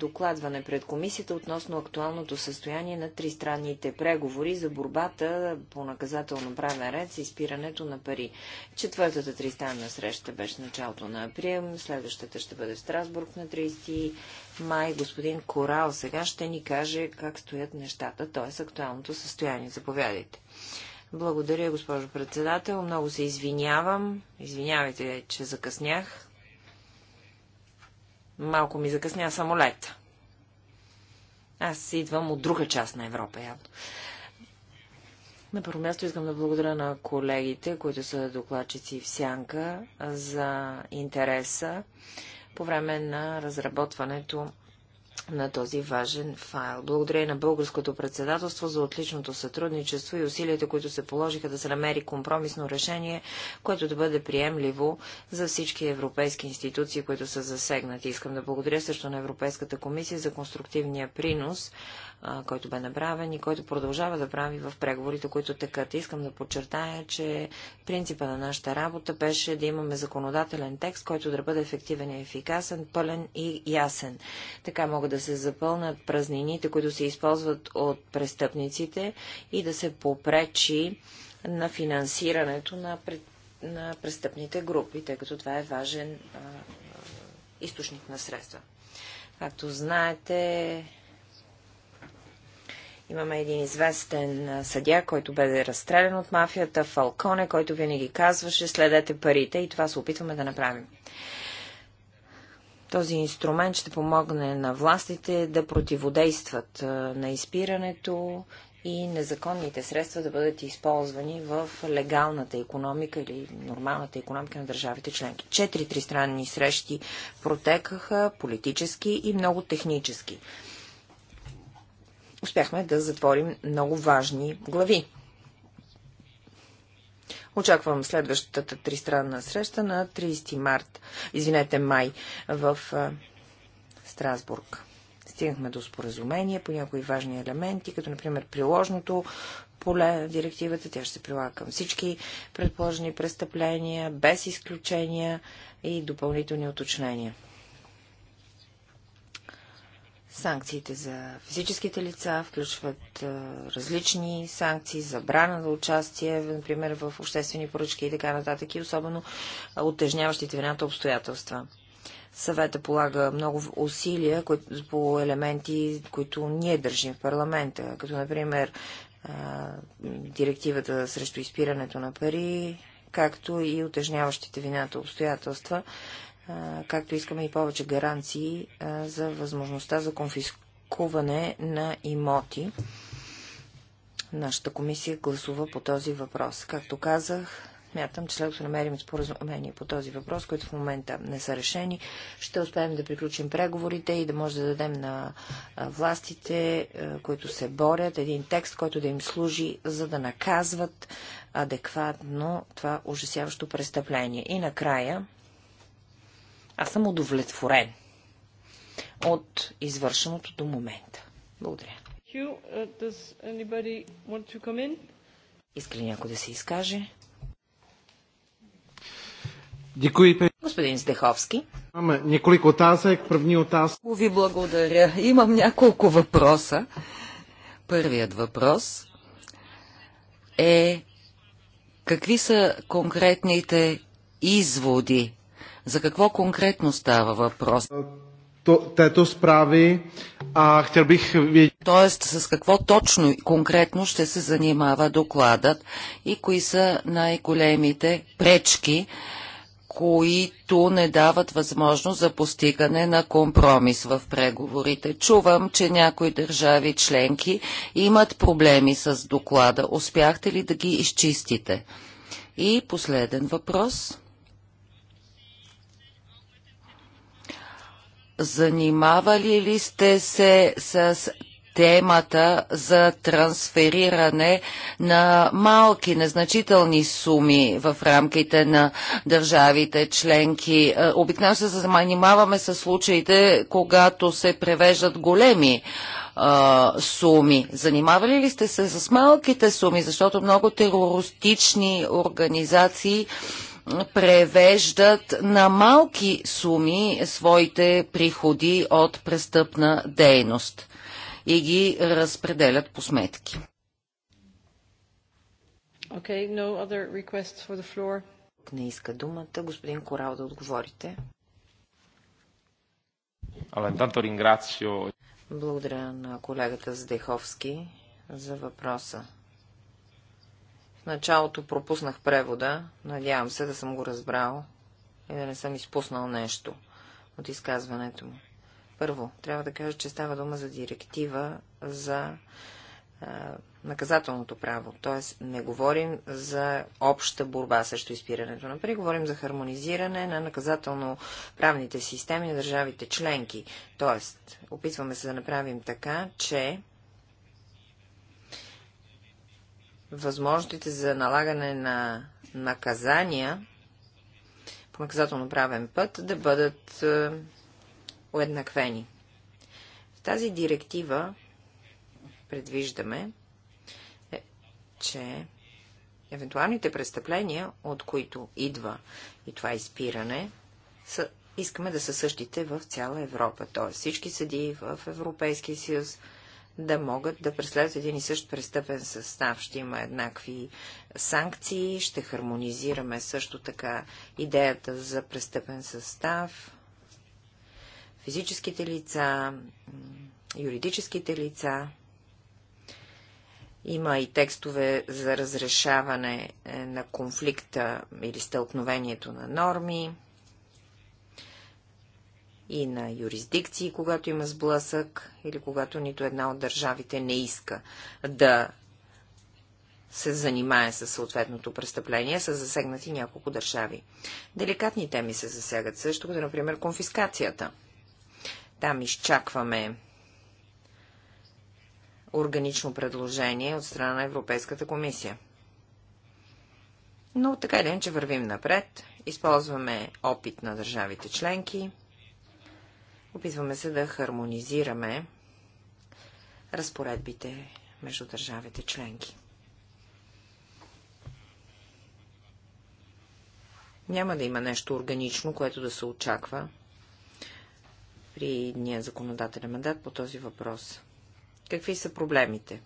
докладване пред комисията относно актуалното състояние на тристранните преговори за борбата по наказателно правен ред с изпирането на пари. Четвъртата тристранна среща беше началото на април, следващата ще бъде в Страсбург на 30 май. Господин Корал сега ще ни каже как стоят нещата, т.е. актуалното състояние. Заповядайте. Благодаря, госпожо председател. Много се извинявам. Извинявайте, че закъснях. Малко ми закъсня самолет. Аз идвам от друга част на Европа, явно. На първо място искам да благодаря на колегите, които са докладчици в Сянка, за интереса по време на разработването на този важен файл. Благодаря и на българското председателство за отличното сътрудничество и усилията, които се положиха да се намери компромисно решение, което да бъде приемливо за всички европейски институции, които са засегнати. Искам да благодаря също на Европейската комисия за конструктивния принос, който бе направен и който продължава да прави в преговорите, които текат. Искам да подчертая, че принципа на нашата работа беше да имаме законодателен текст, който да бъде ефективен и ефикасен, пълен и ясен. Така мога да да се запълнат празнините, които се използват от престъпниците и да се попречи на финансирането на, пред... на престъпните групи, тъй като това е важен а, източник на средства. Както знаете, Имаме един известен съдя, който бе разстрелян от мафията, Фалконе, който винаги казваше следете парите и това се опитваме да направим. Този инструмент ще помогне на властите да противодействат на изпирането и незаконните средства да бъдат използвани в легалната економика или нормалната економика на държавите членки. Четири тристранни срещи протекаха политически и много технически. Успяхме да затворим много важни глави. Очаквам следващата тристранна среща на 30 март, извинете май, в Страсбург. Стигнахме до споразумение по някои важни елементи, като например приложното поле на директивата. Тя ще се прилага към всички предположени престъпления, без изключения и допълнителни уточнения. Санкциите за физическите лица включват а, различни санкции, забрана за участие, например, в обществени поръчки и така нататък, и особено оттежняващите вината обстоятелства. Съвета полага много усилия кои, по елементи, които ние държим в парламента, като, например, а, директивата срещу изпирането на пари, както и отежняващите вината обстоятелства, както искаме и повече гаранции за възможността за конфискуване на имоти. Нашата комисия гласува по този въпрос. Както казах, Смятам, че след като намерим споразумение по този въпрос, които в момента не са решени, ще успеем да приключим преговорите и да може да дадем на властите, които се борят, един текст, който да им служи, за да наказват адекватно това ужасяващо престъпление. И накрая, аз съм удовлетворен от извършеното до момента. Благодаря. Uh, Иска ли някой да се изкаже? Господин Здеховски. Имаме няколко отазък. Първни аз. Ви благодаря. Имам няколко въпроса. Първият въпрос е какви са конкретните изводи за какво конкретно става въпрос? Тето справи, а хотел бих... Тоест, с какво точно и конкретно ще се занимава докладът и кои са най-големите пречки, които не дават възможност за постигане на компромис в преговорите. Чувам, че някои държави членки имат проблеми с доклада. Успяхте ли да ги изчистите? И последен въпрос. Занимавали ли сте се с темата за трансфериране на малки, незначителни суми в рамките на държавите членки. Е, обикновено се занимаваме с случаите, когато се превеждат големи а, е, суми. Занимавали ли сте се с малките суми, защото много терористични организации превеждат на малки суми своите приходи от престъпна дейност и ги разпределят по сметки. Okay, no other requests for the floor. Не иска думата. Господин Корал да отговорите. Благодаря на колегата Здеховски за въпроса. В началото пропуснах превода, надявам се да съм го разбрал и да не съм изпуснал нещо от изказването му. Първо, трябва да кажа, че става дума за директива за наказателното право. Т.е. не говорим за обща борба срещу изпирането на пари, говорим за хармонизиране на наказателно-правните системи на държавите членки. Тоест, опитваме се да направим така, че възможностите за налагане на наказания по наказателно-правен път да бъдат е, уеднаквени. В тази директива предвиждаме, е, че евентуалните престъпления, от които идва и това изпиране, са, искаме да са същите в цяла Европа. Т.е. всички съдии в Европейския съюз да могат да преследват един и същ престъпен състав. Ще има еднакви санкции, ще хармонизираме също така идеята за престъпен състав, физическите лица, юридическите лица. Има и текстове за разрешаване е, на конфликта или стълкновението на норми и на юрисдикции, когато има сблъсък или когато нито една от държавите не иска да се занимае с съответното престъпление, са засегнати няколко държави. Деликатни теми се засягат също, като например конфискацията. Там изчакваме органично предложение от страна на Европейската комисия. Но така ден, че вървим напред, използваме опит на държавите членки, Опитваме се да хармонизираме разпоредбите между държавите членки. Няма да има нещо органично, което да се очаква при дния законодателен мандат по този въпрос. Какви са проблемите?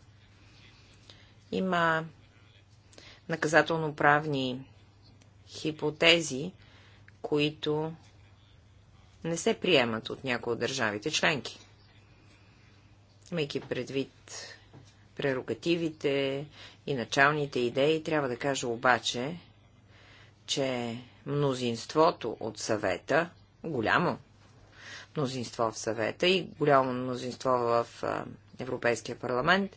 Има наказателно-правни хипотези, които не се приемат от някои от държавите членки. Имайки предвид прерогативите и началните идеи, трябва да кажа обаче, че мнозинството от съвета, голямо мнозинство в съвета и голямо мнозинство в Европейския парламент,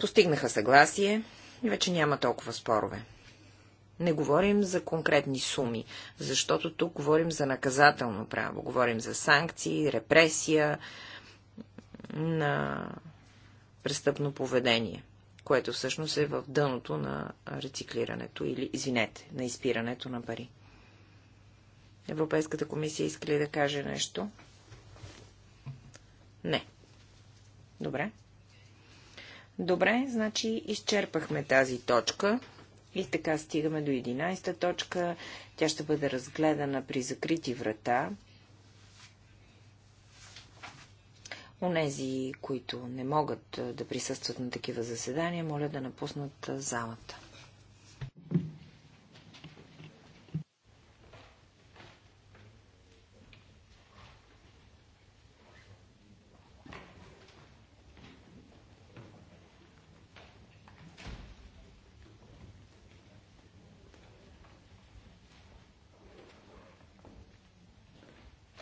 постигнаха съгласие и вече няма толкова спорове. Не говорим за конкретни суми, защото тук говорим за наказателно право, говорим за санкции, репресия на престъпно поведение, което всъщност е в дъното на рециклирането или, извинете, на изпирането на пари. Европейската комисия иска ли да каже нещо? Не. Добре. Добре, значи изчерпахме тази точка. И така стигаме до 11-та точка. Тя ще бъде разгледана при закрити врата. Онези, които не могат да присъстват на такива заседания, моля да напуснат залата.